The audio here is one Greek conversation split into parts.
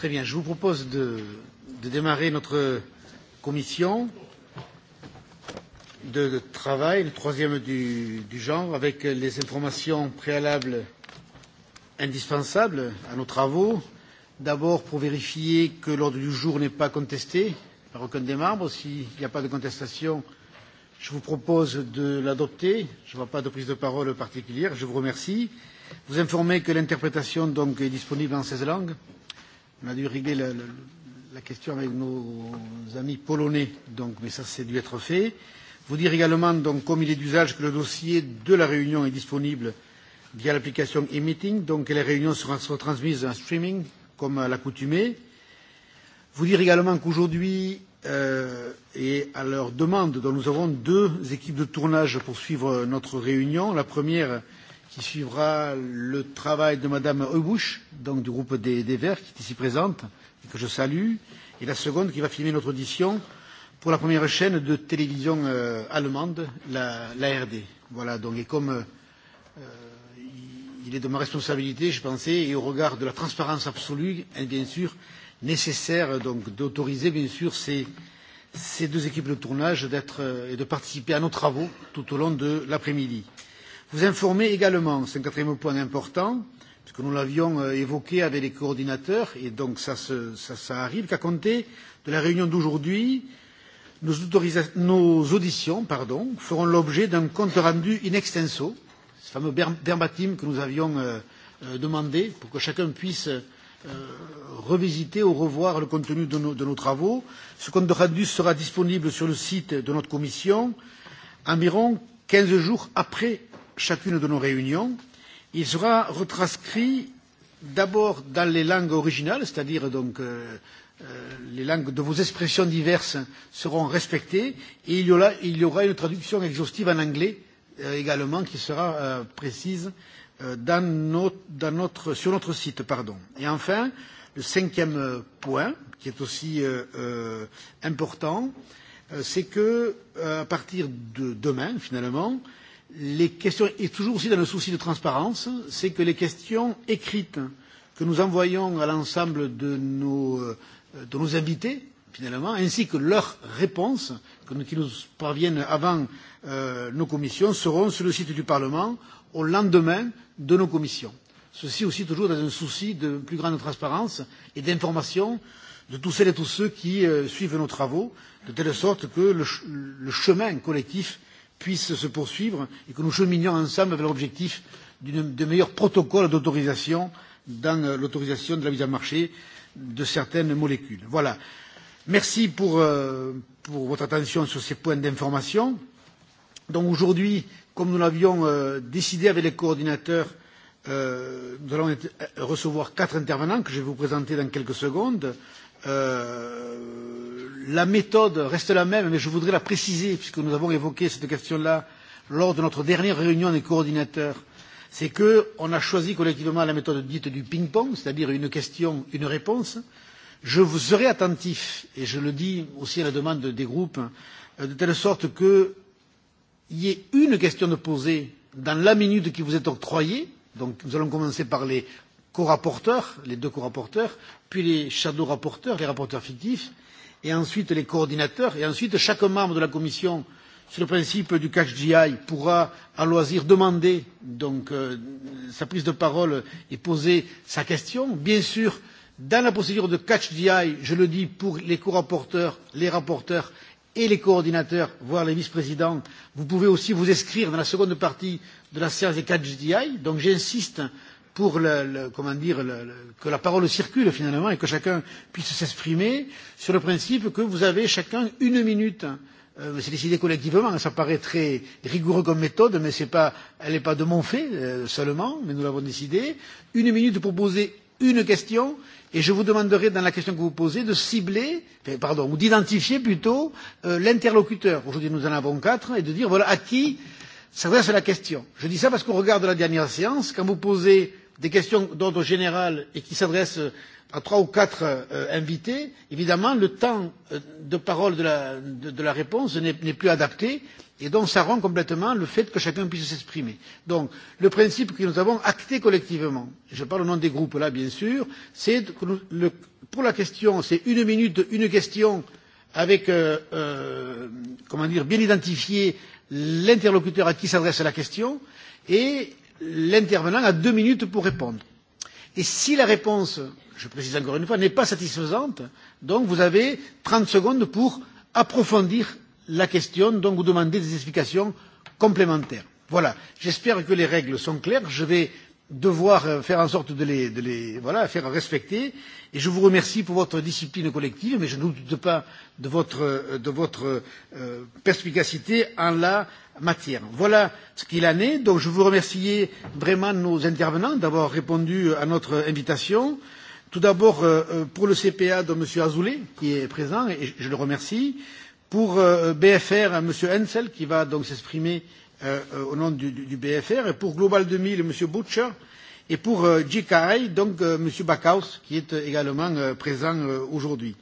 Très bien, je vous propose de, de démarrer notre commission de travail, le troisième du, du genre, avec les informations préalables indispensables à nos travaux. D'abord, pour vérifier que l'ordre du jour n'est pas contesté par aucun des membres. S'il n'y a pas de contestation, je vous propose de l'adopter. Je ne vois pas de prise de parole particulière. Je vous remercie. Vous informez que l'interprétation donc est disponible en 16 langues. On a dû régler la, la, question avec nos amis polonais, donc, mais ça, c'est dû être fait. Vous dire également, donc, comme il est d'usage, que le dossier de la réunion est disponible via l'application e-meeting, donc les réunions seront transmises en streaming, comme à l'accoutumée. Vous dire également qu'aujourd'hui, euh, et à leur demande, donc, nous avons deux équipes de tournage pour suivre notre réunion. La première qui suivra le travail de Mme Heubusch, donc du groupe des, des Verts, qui est ici présente et que je salue, et la seconde qui va filmer notre audition pour la première chaîne de télévision allemande, la, la RD. Voilà, donc, et comme il est de ma responsabilité, je pensais, et au regard de la transparence absolue, est bien sûr, nécessaire donc d'autoriser bien sûr ces, ces deux équipes de tournage d'être et de participer à nos travaux tout au long de l'après-midi. Vous informer également, c'est un quatrième point important, puisque nous l'avions évoqué avec les coordinateurs, et donc ça arrive, qu'à compter de la réunion d'aujourd'hui, nos auditions pardon feront l'objet d'un compte rendu in extenso, ce fameux verbatim que nous avions demandé, pour que chacun puisse revisiter ou revoir le contenu de nos travaux. Ce compte rendu sera disponible sur le site de notre commission environ 15 jours après chacune de nos réunions. Il sera retranscrit d'abord dans les langues originales, c'est-à-dire donc les langues de vos expressions diverses seront respectées et il y aura une traduction exhaustive en anglais également qui sera précise sur notre site. Et enfin, le cinquième point, qui est aussi important, c'est que, à partir de demain, finalement, les questions, et toujours aussi dans le souci de transparence, c'est que les questions écrites que nous envoyons à l'ensemble de nos, de nos invités, finalement, ainsi que leurs réponses qui nous parviennent avant nos commissions, seront sur le site du Parlement au lendemain de nos commissions. Ceci aussi toujours dans un souci de plus grande transparence et d'information de tous celles et tous ceux qui suivent nos travaux, de telle sorte que le chemin collectif puisse se poursuivre et que nous cheminions ensemble vers l'objectif de meilleurs protocoles d'autorisation dans l'autorisation de la mise à marché de certaines molécules. Voilà. Merci pour votre attention sur ces points d'information. Donc aujourd'hui, comme nous l'avions décidé avec les coordinateurs, nous allons recevoir quatre intervenants que je vais vous présenter dans quelques secondes. La méthode reste la même, mais je voudrais la préciser, puisque nous avons évoqué cette question-là lors de notre dernière réunion des coordinateurs. C'est qu'on a choisi collectivement la méthode dite du ping-pong, c'est-à-dire une question, une réponse. Je vous serai attentif, et je le dis aussi à la demande des groupes, de telle sorte qu'il y ait une question de poser dans la minute qui vous est octroyée. Donc nous allons commencer par les co rapporteurs, les deux co rapporteurs, puis les shadow rapporteurs, les rapporteurs fictifs et ensuite les coordinateurs, et ensuite chaque membre de la Commission, sur le principe du catch GI, pourra à loisir demander donc sa prise de parole et poser sa question. Bien sûr, dans la procédure de catch eye je le dis pour les corapporteurs, les rapporteurs et les coordinateurs, voire les vice présidents, vous pouvez aussi vous inscrire dans la seconde partie de la séance des catch GI, donc j'insiste pour le, comment dire, que la parole circule finalement et que chacun puisse s'exprimer sur le principe que vous avez chacun une minute. C'est décidé collectivement, ça paraît très rigoureux comme méthode, mais pas, elle n'est pas de mon fait seulement, mais nous l'avons décidé. Une minute pour poser une question et je vous demanderai dans la question que vous posez de cibler pardon ou d'identifier plutôt l'interlocuteur aujourd'hui nous en avons quatre et de dire voilà à qui s'adresse la question. je dis ça parce qu'on regarde la dernière séance quand vous posez des questions d'ordre général et qui s'adressent à trois ou quatre invités, évidemment, le temps de parole de la réponse n'est plus adapté et donc ça rend complètement le fait que chacun puisse s'exprimer. Donc le principe que nous avons acté collectivement, je parle au nom des groupes là bien sûr, c'est que pour la question, c'est une minute, une question avec, comment dire, bien identifié l'interlocuteur à qui s'adresse la question et l'intervenant a deux minutes pour répondre. Et si la réponse, je précise encore une fois, n'est pas satisfaisante, donc vous avez 30 secondes pour approfondir la question, donc vous demandez des explications complémentaires. Voilà. J'espère que les règles sont claires. Je vais devoir faire en sorte de les, de les voilà, faire respecter. Et je vous remercie pour votre discipline collective, mais je ne doute pas de votre, de votre perspicacité en la matière. Voilà ce qu'il en est. Donc je vous remercie vraiment nos intervenants d'avoir répondu à notre invitation. Tout d'abord pour le CPA de M. Azoulay, qui est présent, et je le remercie. Pour BFR, M. Hensel, qui va donc s'exprimer au nom du BFR. Et pour Global 2000, M. Butcher. Et pour GKI, donc M. Backhaus, qui est également présent aujourd'hui.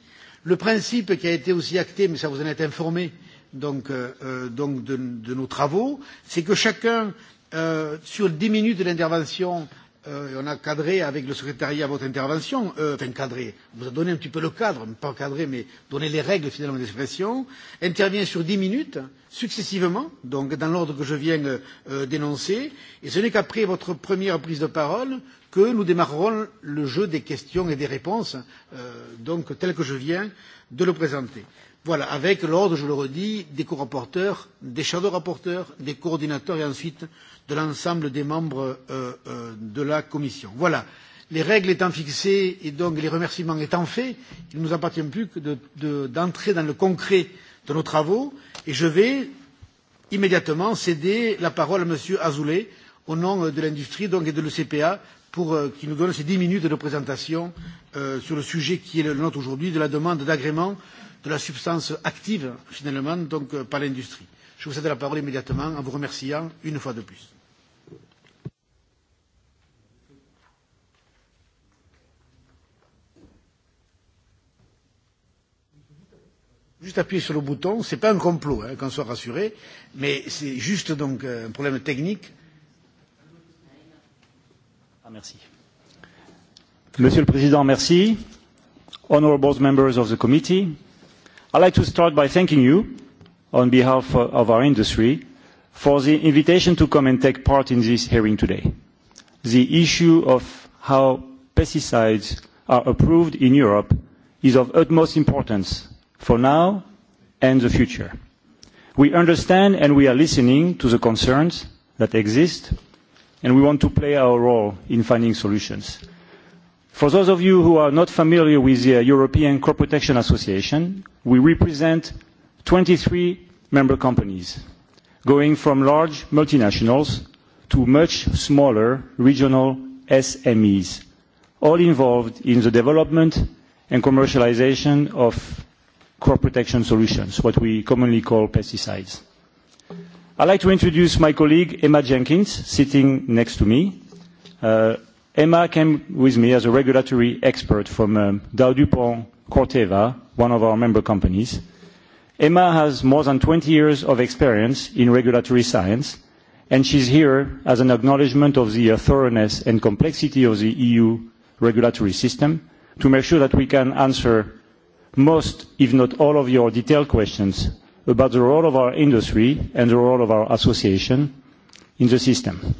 Le principe qui a été aussi acté, mais ça vous en est informé, de nos travaux, c'est que chacun, sur dix minutes de l'intervention, on a cadré avec le secrétariat votre intervention, enfin cadré, vous a donné un petit peu le cadre, pas cadré, mais donné les règles finalement d'expression, intervient sur dix minutes, successivement, donc dans l'ordre que je viens d'énoncer, et ce n'est qu'après votre première prise de parole que nous démarrerons le jeu des questions et des réponses, donc tel que je viens de le présenter. Voilà, avec l'ordre, je le redis, des co-rapporteurs, des shadow rapporteurs, des coordinateurs et ensuite de l'ensemble des membres de la Commission. Voilà, les règles étant fixées et donc les remerciements étant faits, il ne nous appartient plus que d'entrer dans le concret de nos travaux et je vais immédiatement céder la parole à M. Azoulay au nom de l'industrie et de l'ECPA pour qu'il nous donne ces dix minutes de présentation sur le sujet qui est le nôtre aujourd'hui de la demande d'agrément de la substance active, finalement, donc par l'industrie. Je vous cède la parole immédiatement en vous remerciant une fois de plus. Juste appuyer sur le bouton, ce n'est pas un complot, hein, qu'on soit rassuré, mais c'est juste donc un problème technique. Ah, merci. Monsieur le Président, merci. honorable members of the committee, I'd like to start by thanking you, on behalf of our industry, for the invitation to come and take part in this hearing today. The issue of how pesticides are approved in Europe is of utmost importance for now and the future. We understand and we are listening to the concerns that exist, and we want to play our role in finding solutions. For those of you who are not familiar with the European Crop Protection Association, we represent 23 member companies, going from large multinationals to much smaller regional SMEs, all involved in the development and commercialization of crop protection solutions, what we commonly call pesticides. I'd like to introduce my colleague Emma Jenkins, sitting next to me. Emma came with me as a regulatory expert from Dow DuPont Corteva, one of our member companies. Emma has more than 20 years of experience in regulatory science, and she's here as an acknowledgement of the thoroughness and complexity of the EU regulatory system to make sure that we can answer most, if not all, of your detailed questions about the role of our industry and the role of our association in the system.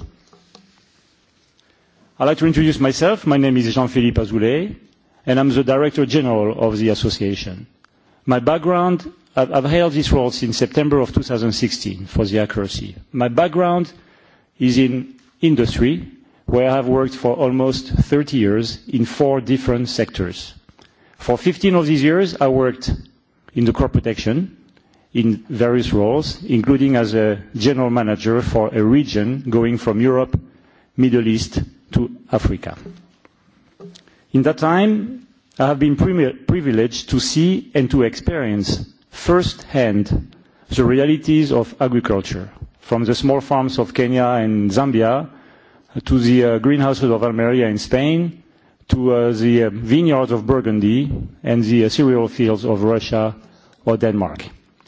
I'd like to introduce myself. My name is Jean-Philippe Azoulay, and I'm the Director General of the association. My background, I've held this role since September of 2016 for the accuracy. My background is in industry, where I have worked for almost 30 years in four different sectors. For 15 of these years, I worked in the crop protection in various roles, including as a general manager for a region going from Europe, Middle East, to Africa. In that time, I have been privileged to see and to experience firsthand the realities of agriculture, from the small farms of Kenya and Zambia to the greenhouses of Almeria in Spain, to the vineyards of Burgundy and the cereal fields of Russia or Denmark.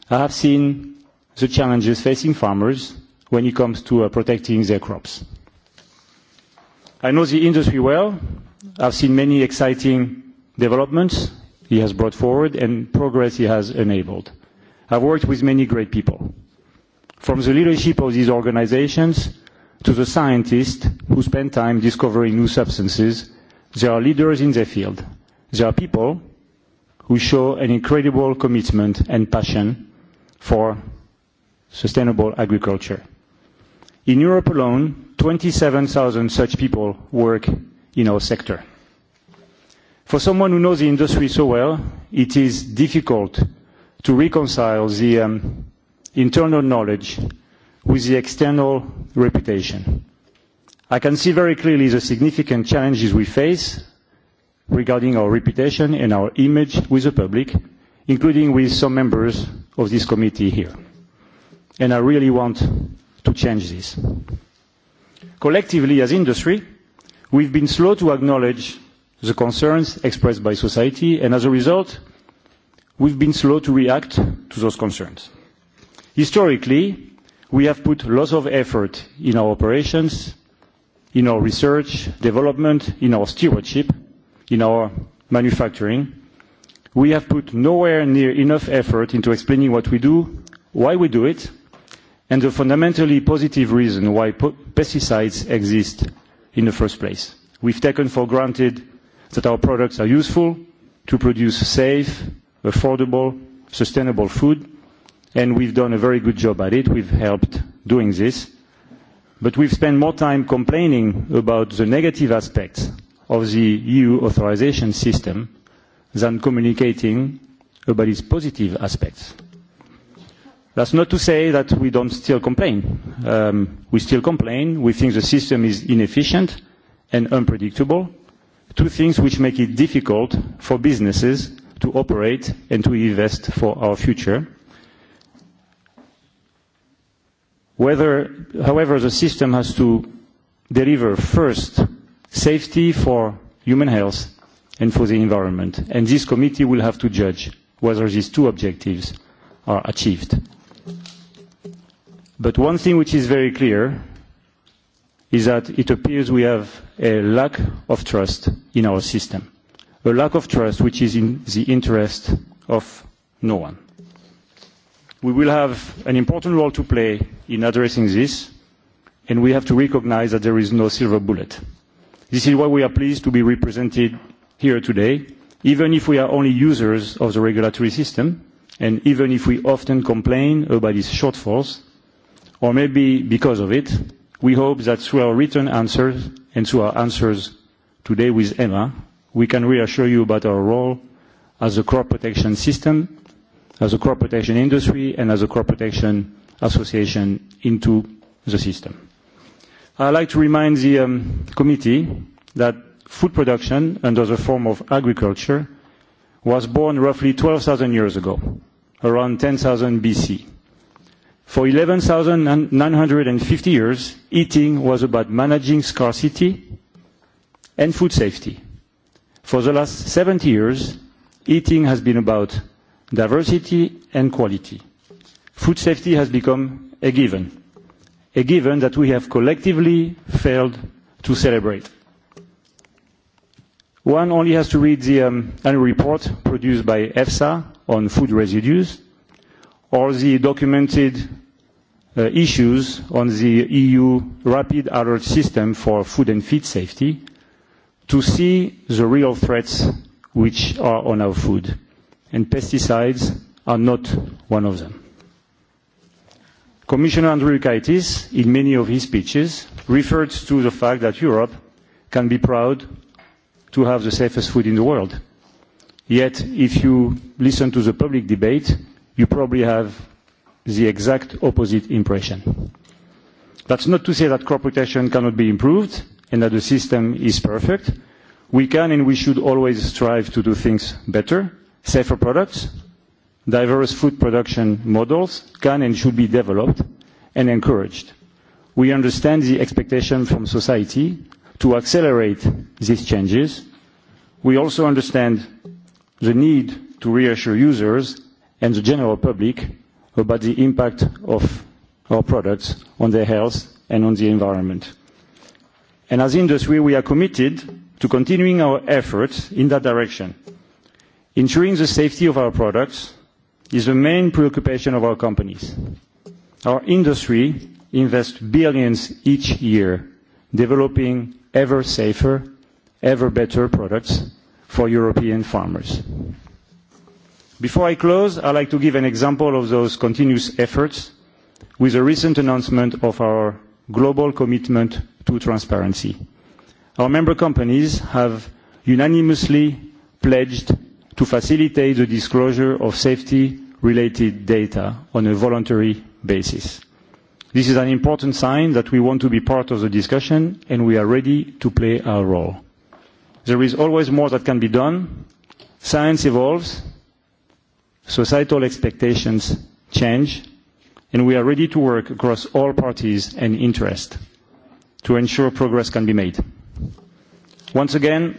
I have seen the challenges facing farmers when it comes to protecting their crops. I know the industry well. I've seen many exciting developments he has brought forward and progress he has enabled. I've worked with many great people, from the leadership of these organizations to the scientists who spend time discovering new substances. They are leaders in their field. They are people who show an incredible commitment and passion for sustainable agriculture. In Europe alone, 27,000 such people work in our sector. For someone who knows the industry so well, it is difficult to reconcile the internal knowledge with the external reputation. I can see very clearly the significant challenges we face regarding our reputation and our image with the public, including with some members of this committee here. And I really want to change this. Collectively, as industry, we've been slow to acknowledge the concerns expressed by society, and as a result, we've been slow to react to those concerns. Historically, we have put lots of effort in our operations, in our research, development, in our stewardship, in our manufacturing. We have put nowhere near enough effort into explaining what we do, why we do it, and the fundamentally positive reason why pesticides exist in the first place. We've taken for granted that our products are useful to produce safe, affordable, sustainable food, and we've done a very good job at it. We've helped doing this. But we've spent more time complaining about the negative aspects of the EU authorization system than communicating about its positive aspects. That's not to say that we don't still complain. We still complain. We think the system is inefficient and unpredictable. Two things which make it difficult for businesses to operate and to invest for our future. However, the system has to deliver first safety for human health and for the environment. And this committee will have to judge whether these two objectives are achieved. But one thing which is very clear is that it appears we have a lack of trust in our system, a lack of trust which is in the interest of no one. We will have an important role to play in addressing this, and we have to recognise that there is no silver bullet. This is why we are pleased to be represented here today, even if we are only users of the regulatory system even if we often complain about its shortfalls, or maybe because of it, we hope that through our written answers and through our answers today with Emma, we can reassure you about our role as a crop protection system, as a crop protection industry, and as a crop protection association into the system. I'd like to remind the committee that food production under the form of agriculture was born roughly 12,000 years ago, around 10,000 BC. For 11,950 years, eating was about managing scarcity and food safety. For the last 70 years, eating has been about diversity and quality. Food safety has become a given, a given that we have collectively failed to celebrate. One only has to read the annual report produced by EFSA on food residues or the documented issues on the EU Rapid Alert System for food and feed safety to see the real threats which are on our food. And pesticides are not one of them. Commissioner Andriukaitis, in many of his speeches, referred to the fact that Europe can be proud to have the safest food in the world. Yet, if you listen to the public debate, you probably have the exact opposite impression. That's not to say that crop protection cannot be improved and that the system is perfect. We can and we should always strive to do things better. Safer products, diverse food production models can and should be developed and encouraged. We understand the expectation from society to accelerate these changes. We also understand the need to reassure users and the general public about the impact of our products on their health and on the environment. And as industry, we are committed to continuing our efforts in that direction. Ensuring the safety of our products is the main preoccupation of our companies. Our industry invests billions each year developing ever safer, ever better products for European farmers. Before I close, I'd like to give an example of those continuous efforts with a recent announcement of our global commitment to transparency. Our member companies have unanimously pledged to facilitate the disclosure of safety-related data on a voluntary basis. This is an important sign that we want to be part of the discussion and we are ready to play our role. There is always more that can be done. Science evolves, societal expectations change, and we are ready to work across all parties and interests to ensure progress can be made. Once again,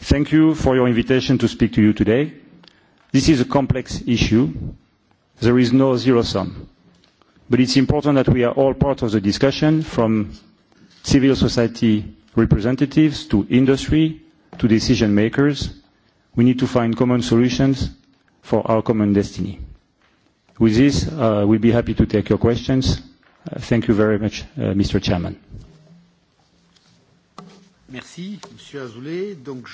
thank you for your invitation to speak to you today. This is a complex issue. There is no zero sum But it's important that we are all part of the discussion, from civil society representatives to industry to decision makers. We need to find common solutions for our common destiny. With this, we'll be happy to take your questions. Thank you very much, Mr. Chairman. Merci, Monsieur Azoulay. Donc,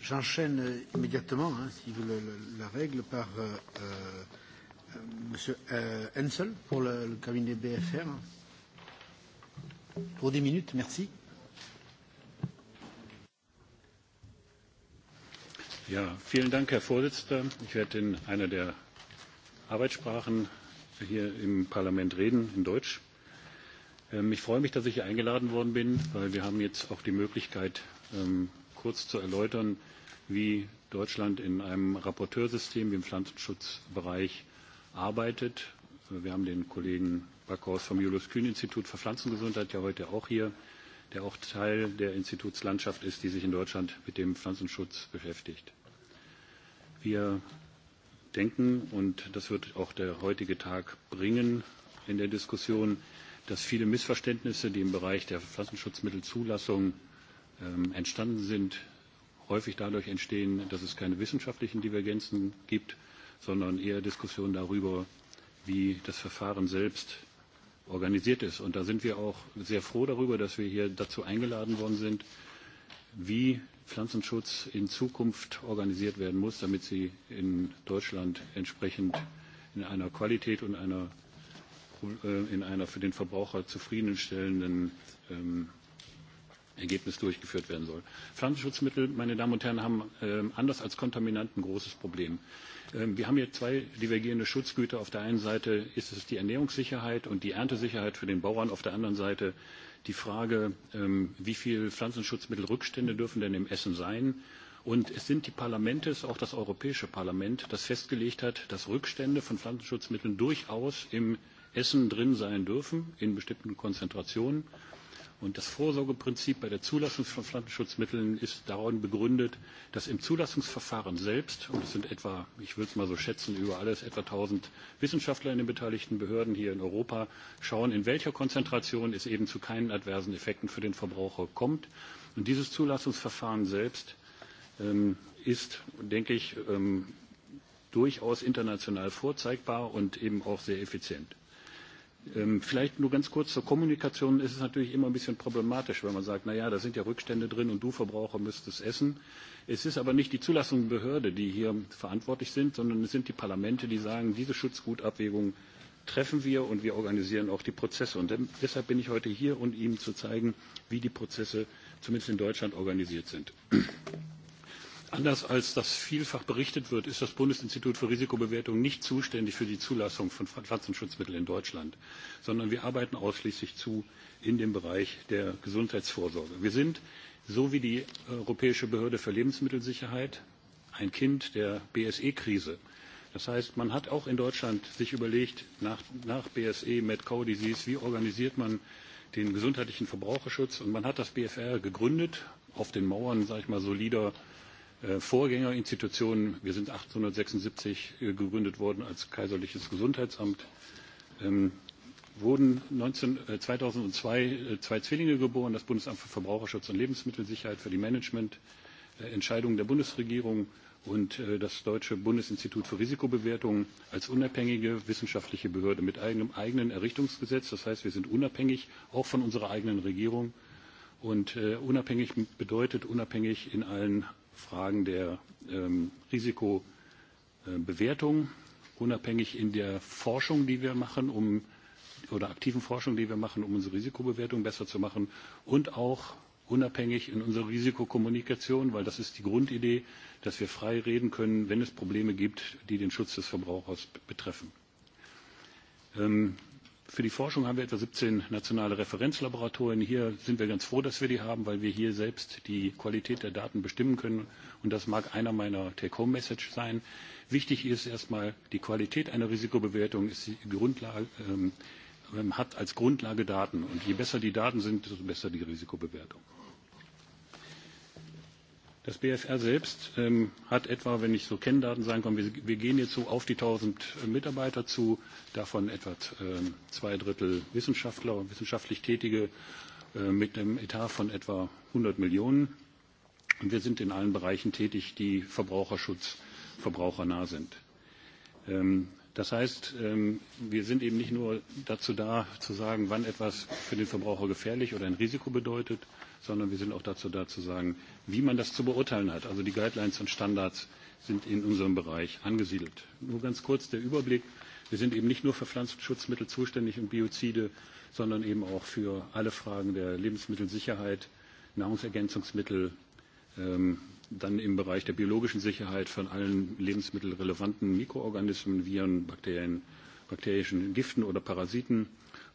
j'enchaîne immédiatement, si vous la règle, par Monsieur pour le cabinet BFR. Pour minutes, merci. Ja, vielen Dank, Herr Vorsitzender. Ich werde in einer der Arbeitssprachen hier im Parlament reden, in Deutsch. Ich freue mich, dass ich hier eingeladen worden bin, weil wir haben jetzt auch die Möglichkeit, kurz zu erläutern, wie Deutschland in einem Rapporteursystem wie im Pflanzenschutzbereich arbeitet. Wir haben den Kollegen Backhaus vom Julius Kühn Institut für Pflanzengesundheit ja heute auch hier, der auch Teil der Institutslandschaft ist, die sich in Deutschland mit dem Pflanzenschutz beschäftigt. Wir denken, und das wird auch der heutige Tag bringen in der Diskussion, dass viele Missverständnisse, die im Bereich der Pflanzenschutzmittelzulassung entstanden sind, häufig dadurch entstehen, dass es keine wissenschaftlichen Divergenzen gibt, sondern eher Diskussionen darüber, wie das Verfahren selbst organisiert ist. Und da sind wir auch sehr froh darüber, dass wir hier dazu eingeladen worden sind, wie Pflanzenschutz in Zukunft organisiert werden muss, damit sie in Deutschland entsprechend in einer Qualität und einer in einer für den Verbraucher zufriedenstellenden Ergebnis durchgeführt werden soll. Pflanzenschutzmittel, meine Damen und Herren, haben anders als Kontaminanten ein großes Problem. Wir haben hier zwei divergierende Schutzgüter. Auf der einen Seite ist es die Ernährungssicherheit und die Erntesicherheit für den Bauern, auf der anderen Seite die Frage, wie viel Pflanzenschutzmittelrückstände dürfen denn im Essen sein. Und es sind die Parlamente, es ist auch das Europäische Parlament, das festgelegt hat, dass Rückstände von Pflanzenschutzmitteln durchaus im Essen drin sein dürfen, in bestimmten Konzentrationen. Und das Vorsorgeprinzip bei der Zulassung von Pflanzenschutzmitteln ist darin begründet, dass im Zulassungsverfahren selbst, und es sind etwa, ich würde es mal so schätzen, über alles etwa 1000 Wissenschaftler in den beteiligten Behörden hier in Europa, schauen, in welcher Konzentration es eben zu keinen adversen Effekten für den Verbraucher kommt. Und dieses Zulassungsverfahren selbst ist, denke ich, durchaus international vorzeigbar und eben auch sehr effizient. Vielleicht nur ganz kurz zur Kommunikation ist es natürlich immer ein bisschen problematisch, wenn man sagt, Naja, da sind ja Rückstände drin und du Verbraucher müsstest essen. Es ist aber nicht die Zulassungsbehörde, die hier verantwortlich sind, sondern es sind die Parlamente, die sagen, diese Schutzgutabwägung treffen wir und wir organisieren auch die Prozesse. Und deshalb bin ich heute hier, um Ihnen zu zeigen, wie die Prozesse zumindest in Deutschland organisiert sind. Anders als das vielfach berichtet wird, ist das Bundesinstitut für Risikobewertung nicht zuständig für die Zulassung von Pflanzenschutzmitteln in Deutschland, sondern wir arbeiten ausschließlich zu in dem Bereich der Gesundheitsvorsorge. Wir sind, so wie die Europäische Behörde für Lebensmittelsicherheit, ein Kind der BSE-Krise. Das heißt, man hat auch in Deutschland sich überlegt, nach BSE, Mad-Cow-Disease, wie organisiert man den gesundheitlichen Verbraucherschutz. Und man hat das BFR gegründet, auf den Mauern, sage ich mal, solider Vorgängerinstitutionen. Wir sind 1876 gegründet worden als Kaiserliches Gesundheitsamt. Wurden 2002 zwei Zwillinge geboren, das Bundesamt für Verbraucherschutz und Lebensmittelsicherheit für die Managemententscheidungen der Bundesregierung und das Deutsche Bundesinstitut für Risikobewertung als unabhängige wissenschaftliche Behörde mit eigenem eigenen Errichtungsgesetz. Das heißt, wir sind unabhängig, auch von unserer eigenen Regierung. Und unabhängig bedeutet unabhängig in allen Fragen der Risikobewertung, unabhängig in der Forschung, die wir machen, um oder aktiven Forschung, die wir machen, um unsere Risikobewertung besser zu machen und auch unabhängig in unserer Risikokommunikation, weil das ist die Grundidee, dass wir frei reden können, wenn es Probleme gibt, die den Schutz des Verbrauchers betreffen. Für die Forschung haben wir etwa 17 nationale Referenzlaboratorien. Hier sind wir ganz froh, dass wir die haben, weil wir hier selbst die Qualität der Daten bestimmen können. Und das mag einer meiner Take-Home-Message sein. Wichtig ist erstmal, die Qualität einer Risikobewertung ist die Grundlage, hat als Grundlage Daten. Und je besser die Daten sind, desto besser die Risikobewertung. Das BFR selbst hat etwa, wenn ich so Kenndaten sagen kann, wir gehen jetzt so auf die 1000 Mitarbeiter zu, davon etwa zwei Drittel Wissenschaftler und wissenschaftlich Tätige mit einem Etat von etwa 100 Millionen. Und wir sind in allen Bereichen tätig, die Verbraucherschutz, verbrauchernah sind. Das heißt, wir sind eben nicht nur dazu da, zu sagen, wann etwas für den Verbraucher gefährlich oder ein Risiko bedeutet, sondern wir sind auch dazu da zu sagen, wie man das zu beurteilen hat. Also die Guidelines und Standards sind in unserem Bereich angesiedelt. Nur ganz kurz der Überblick. Wir sind eben nicht nur für Pflanzenschutzmittel zuständig und Biozide, sondern eben auch für alle Fragen der Lebensmittelsicherheit, Nahrungsergänzungsmittel, dann im Bereich der biologischen Sicherheit von allen lebensmittelrelevanten Mikroorganismen, Viren, Bakterien, bakterischen Giften oder Parasiten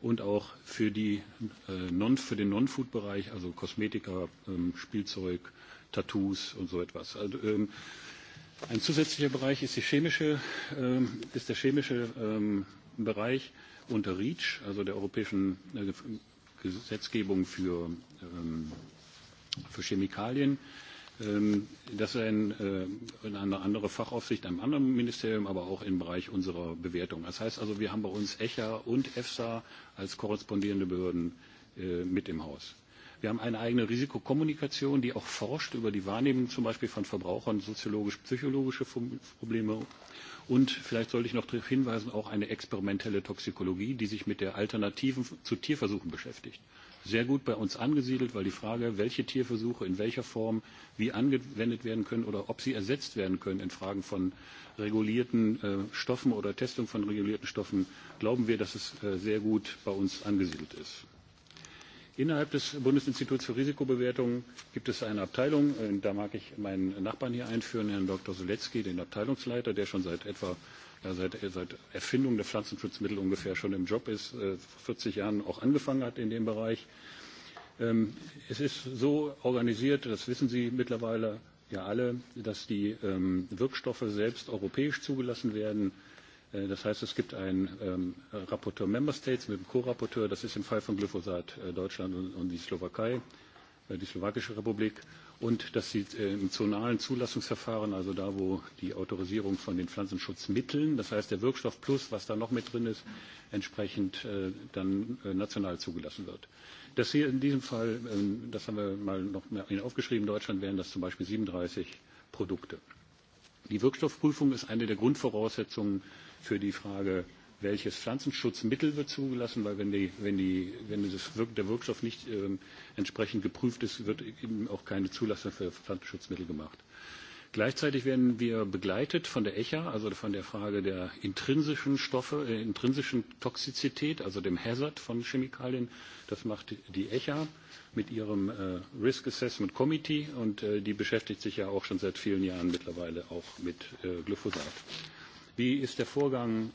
und auch für die für den Non-Food-Bereich, also Kosmetika, Spielzeug, Tattoos und so etwas. Also Ein zusätzlicher Bereich ist ist der chemische Bereich unter REACH, also der europäischen Gesetzgebung für Chemikalien. Das in eine andere Fachaufsicht einem anderen Ministerium, aber auch im Bereich unserer Bewertung. Das heißt also, wir haben bei uns ECHA und EFSA als korrespondierende Behörden mit im Haus. Wir haben eine eigene Risikokommunikation, die auch forscht über die Wahrnehmung zum Beispiel von Verbrauchern, soziologisch-psychologische Probleme. Und vielleicht sollte ich noch darauf hinweisen, auch eine experimentelle Toxikologie, die sich mit der Alternativen zu Tierversuchen beschäftigt sehr gut bei uns angesiedelt, weil die Frage, welche Tierversuche in welcher Form wie angewendet werden können oder ob sie ersetzt werden können in Fragen von regulierten Stoffen oder Testung von regulierten Stoffen, glauben wir, dass es sehr gut bei uns angesiedelt ist. Innerhalb des Bundesinstituts für Risikobewertung gibt es eine Abteilung, da mag ich meinen Nachbarn hier einführen, Herrn Dr. Solecki, den Abteilungsleiter, der schon seit etwa seit seit Erfindung der Pflanzenschutzmittel ungefähr schon im Job ist, vor 40 Jahren auch angefangen hat in dem Bereich. Es ist so organisiert, das wissen Sie mittlerweile ja alle, dass die Wirkstoffe selbst europäisch zugelassen werden. Das heißt, es gibt einen Rapporteur Member States mit dem Co-Rapporteur. Das ist im Fall von Glyphosat Deutschland und die Slowakei, die Slowakische Republik und dass sie im zonalen Zulassungsverfahren, also da, wo die Autorisierung von den Pflanzenschutzmitteln, das heißt der Wirkstoff plus, was da noch mit drin ist, entsprechend dann national zugelassen wird. Das hier in diesem Fall, das haben wir mal noch mehr aufgeschrieben, in Deutschland wären das zum Beispiel 37 Produkte. Die Wirkstoffprüfung ist eine der Grundvoraussetzungen für die Frage welches Pflanzenschutzmittel wird zugelassen, weil wenn, die, wenn, die, wenn der Wirkstoff nicht entsprechend geprüft ist, wird eben auch keine Zulassung für Pflanzenschutzmittel gemacht. Gleichzeitig werden wir begleitet von der ECHA, also von der Frage der intrinsischen Stoffe, intrinsischen Toxizität, also dem Hazard von Chemikalien. Das macht die ECHA mit ihrem Risk Assessment Committee und die beschäftigt sich ja auch schon seit vielen Jahren mittlerweile auch mit Glyphosat. Wie ist der Vorgang,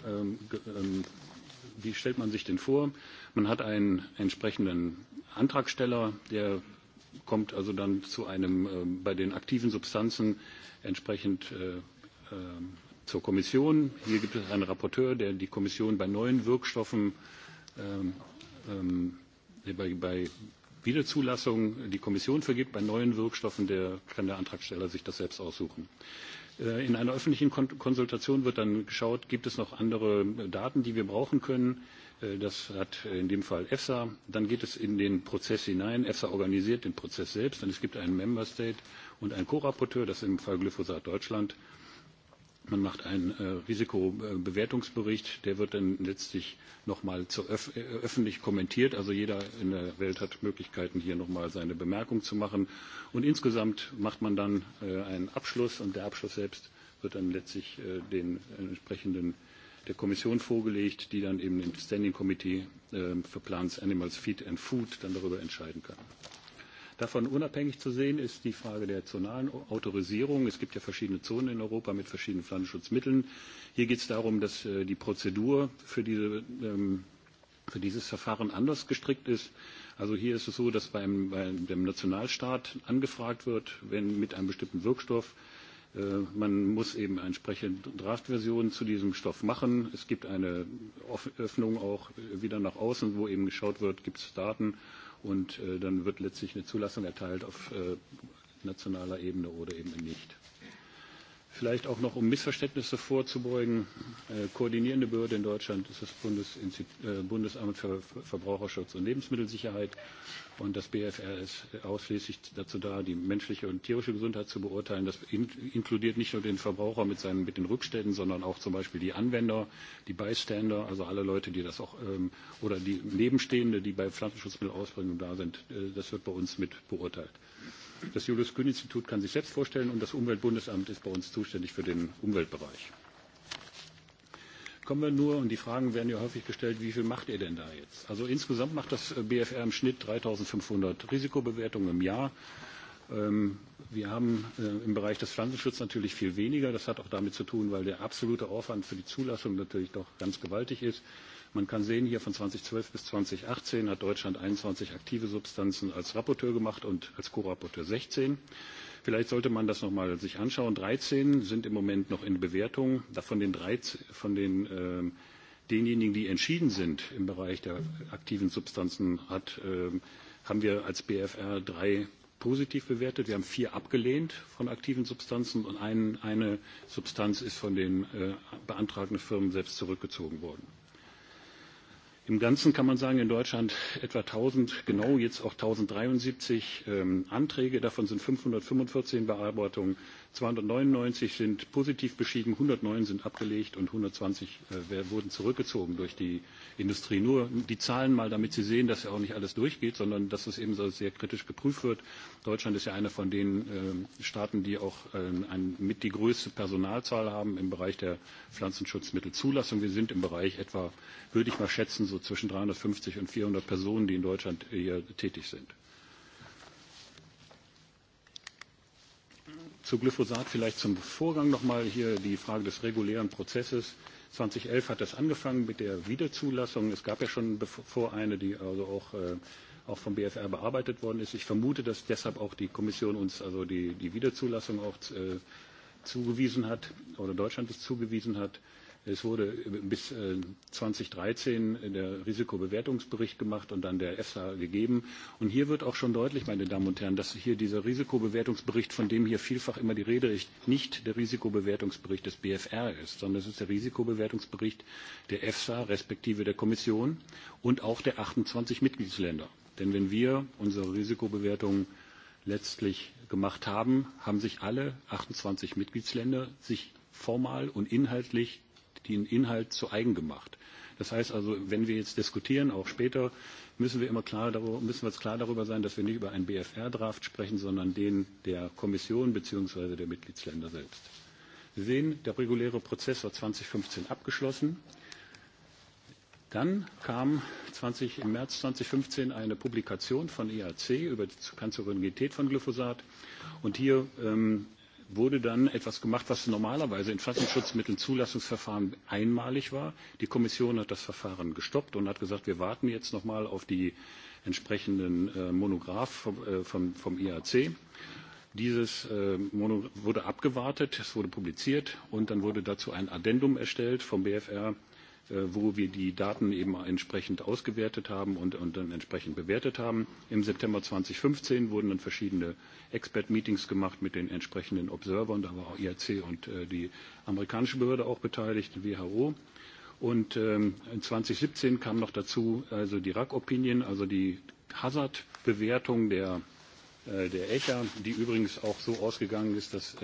wie stellt man sich den vor? Man hat einen entsprechenden Antragsteller, der kommt also dann zu einem, bei den aktiven Substanzen entsprechend zur Kommission. Hier gibt es einen Rapporteur, der die Kommission bei neuen Wirkstoffen, bei Wiederzulassung die Kommission vergibt. Bei neuen Wirkstoffen kann der Antragsteller sich das selbst aussuchen. In einer öffentlichen Konsultation wird dann geschaut, gibt es noch andere Daten, die wir brauchen können. Das hat in dem Fall EFSA. Dann geht es in den Prozess hinein. EFSA organisiert den Prozess selbst. Dann es gibt einen Member State und einen Co-Rapporteur, das ist im Fall Glyphosat Deutschland. Man macht einen Risikobewertungsbericht, der wird dann letztlich nochmal öffentlich kommentiert. Also jeder in der Welt hat Möglichkeiten, hier nochmal seine Bemerkung zu machen. Und insgesamt macht man dann einen Abschluss und der Abschluss selbst wird dann letztlich den entsprechenden der Kommission vorgelegt, die dann eben im Standing Committee für Plants, Animals, Feed and Food dann darüber entscheiden kann. Davon unabhängig zu sehen ist die Frage der zonalen Autorisierung. Es gibt ja verschiedene Zonen in Europa mit verschiedenen Pflanzenschutzmitteln. Hier geht es darum, dass die Prozedur für dieses Verfahren anders gestrickt ist. Also hier ist es so, dass beim Nationalstaat angefragt wird, wenn mit einem bestimmten Wirkstoff Man muss eben entsprechende Draftversion zu diesem Stoff machen. Es gibt eine Öffnung auch wieder nach außen, wo eben geschaut wird, gibt es Daten und dann wird letztlich eine Zulassung erteilt auf nationaler Ebene oder eben nicht. Vielleicht auch noch, um Missverständnisse vorzubeugen, koordinierende Behörde in Deutschland ist das Bundesamt für Verbraucherschutz und Lebensmittelsicherheit. Und das BFR ist ausschließlich dazu da, die menschliche und tierische Gesundheit zu beurteilen. Das inkludiert nicht nur den Verbraucher mit den Rückständen, sondern auch zum Beispiel die Anwender, die Byständer, also alle Leute, die das auch, oder die Nebenstehende, die bei Pflanzenschutzmittelausbringung da sind. Das wird bei uns mit beurteilt. Das Julius Kühn Institut kann sich selbst vorstellen und das Umweltbundesamt ist bei uns zuständig für den Umweltbereich. Kommen wir nur, und die Fragen werden ja häufig gestellt, wie viel macht ihr denn da jetzt? Also insgesamt macht das BFR im Schnitt 3500 Risikobewertungen im Jahr. Wir haben im Bereich des Pflanzenschutzes natürlich viel weniger. Das hat auch damit zu tun, weil der absolute Aufwand für die Zulassung natürlich doch ganz gewaltig ist. Man kann sehen, hier von 2012 bis 2018 hat Deutschland 21 aktive Substanzen als Rapporteur gemacht und als Co-Rapporteur 16. Vielleicht sollte man das noch mal sich anschauen. 13 sind im Moment noch in Bewertung. Von den denjenigen, die entschieden sind im Bereich der aktiven Substanzen, haben wir als BFR drei positiv bewertet. Wir haben vier abgelehnt von aktiven Substanzen und eine Substanz ist von den beantragenden Firmen selbst zurückgezogen worden. Im Ganzen kann man sagen, in Deutschland etwa 1000, genau jetzt auch 1073 Anträge, davon sind 545 Bearbeitungen 299 sind positiv beschieden, 109 sind abgelegt und 120 wurden zurückgezogen durch die Industrie. Nur die Zahlen mal, damit Sie sehen, dass ja auch nicht alles durchgeht, sondern dass es eben sehr kritisch geprüft wird. Deutschland ist ja einer von den Staaten, die auch mit die größte Personalzahl haben im Bereich der Pflanzenschutzmittelzulassung. Wir sind im Bereich etwa, würde ich mal schätzen, so zwischen 350 und 400 Personen, die in Deutschland hier tätig sind. Zu Glyphosat vielleicht zum Vorgang nochmal hier die Frage des regulären Prozesses. 2011 hat das angefangen mit der Wiederzulassung. Es gab ja schon bevor eine, die also auch auch vom BFR bearbeitet worden ist. Ich vermute, dass deshalb auch die Kommission uns also die Wiederzulassung auch zugewiesen hat oder Deutschland es zugewiesen hat. Es wurde bis 2013 der Risikobewertungsbericht gemacht und dann der EFSA gegeben. Und hier wird auch schon deutlich, meine Damen und Herren, dass hier dieser Risikobewertungsbericht, von dem hier vielfach immer die Rede ist, nicht der Risikobewertungsbericht des BFR ist, sondern es ist der Risikobewertungsbericht der EFSA respektive der Kommission und auch der 28 Mitgliedsländer. Denn wenn wir unsere Risikobewertung letztlich gemacht haben, haben sich alle 28 Mitgliedsländer sich formal und inhaltlich den Inhalt zu eigen gemacht. Das heißt also, wenn wir jetzt diskutieren, auch später, müssen wir immer klar darüber, müssen wir uns klar darüber sein, dass wir nicht über einen BFR-Draft sprechen, sondern den der Kommission bzw. der Mitgliedsländer selbst. Sie sehen, der reguläre Prozess war 2015 abgeschlossen. Dann kam 20, im März 2015 eine Publikation von EAC über die Kanzlerinität von Glyphosat. Und hier ähm, wurde dann etwas gemacht, was normalerweise in Pflanzenschutzmitteln Zulassungsverfahren einmalig war. Die Kommission hat das Verfahren gestoppt und hat gesagt, wir warten jetzt noch mal auf die entsprechenden Monograph vom IAC. Dieses wurde abgewartet, es wurde publiziert und dann wurde dazu ein Addendum erstellt vom BFR wo wir die Daten eben entsprechend ausgewertet haben und dann entsprechend bewertet haben. Im September 2015 wurden dann verschiedene Expert-Meetings gemacht mit den entsprechenden Observern. Da war auch IAC und die amerikanische Behörde auch beteiligt, WHO. Und 2017 kam noch dazu also die RAC-Opinion, also die Hazard-Bewertung der der ECHA, die übrigens auch so ausgegangen ist, dass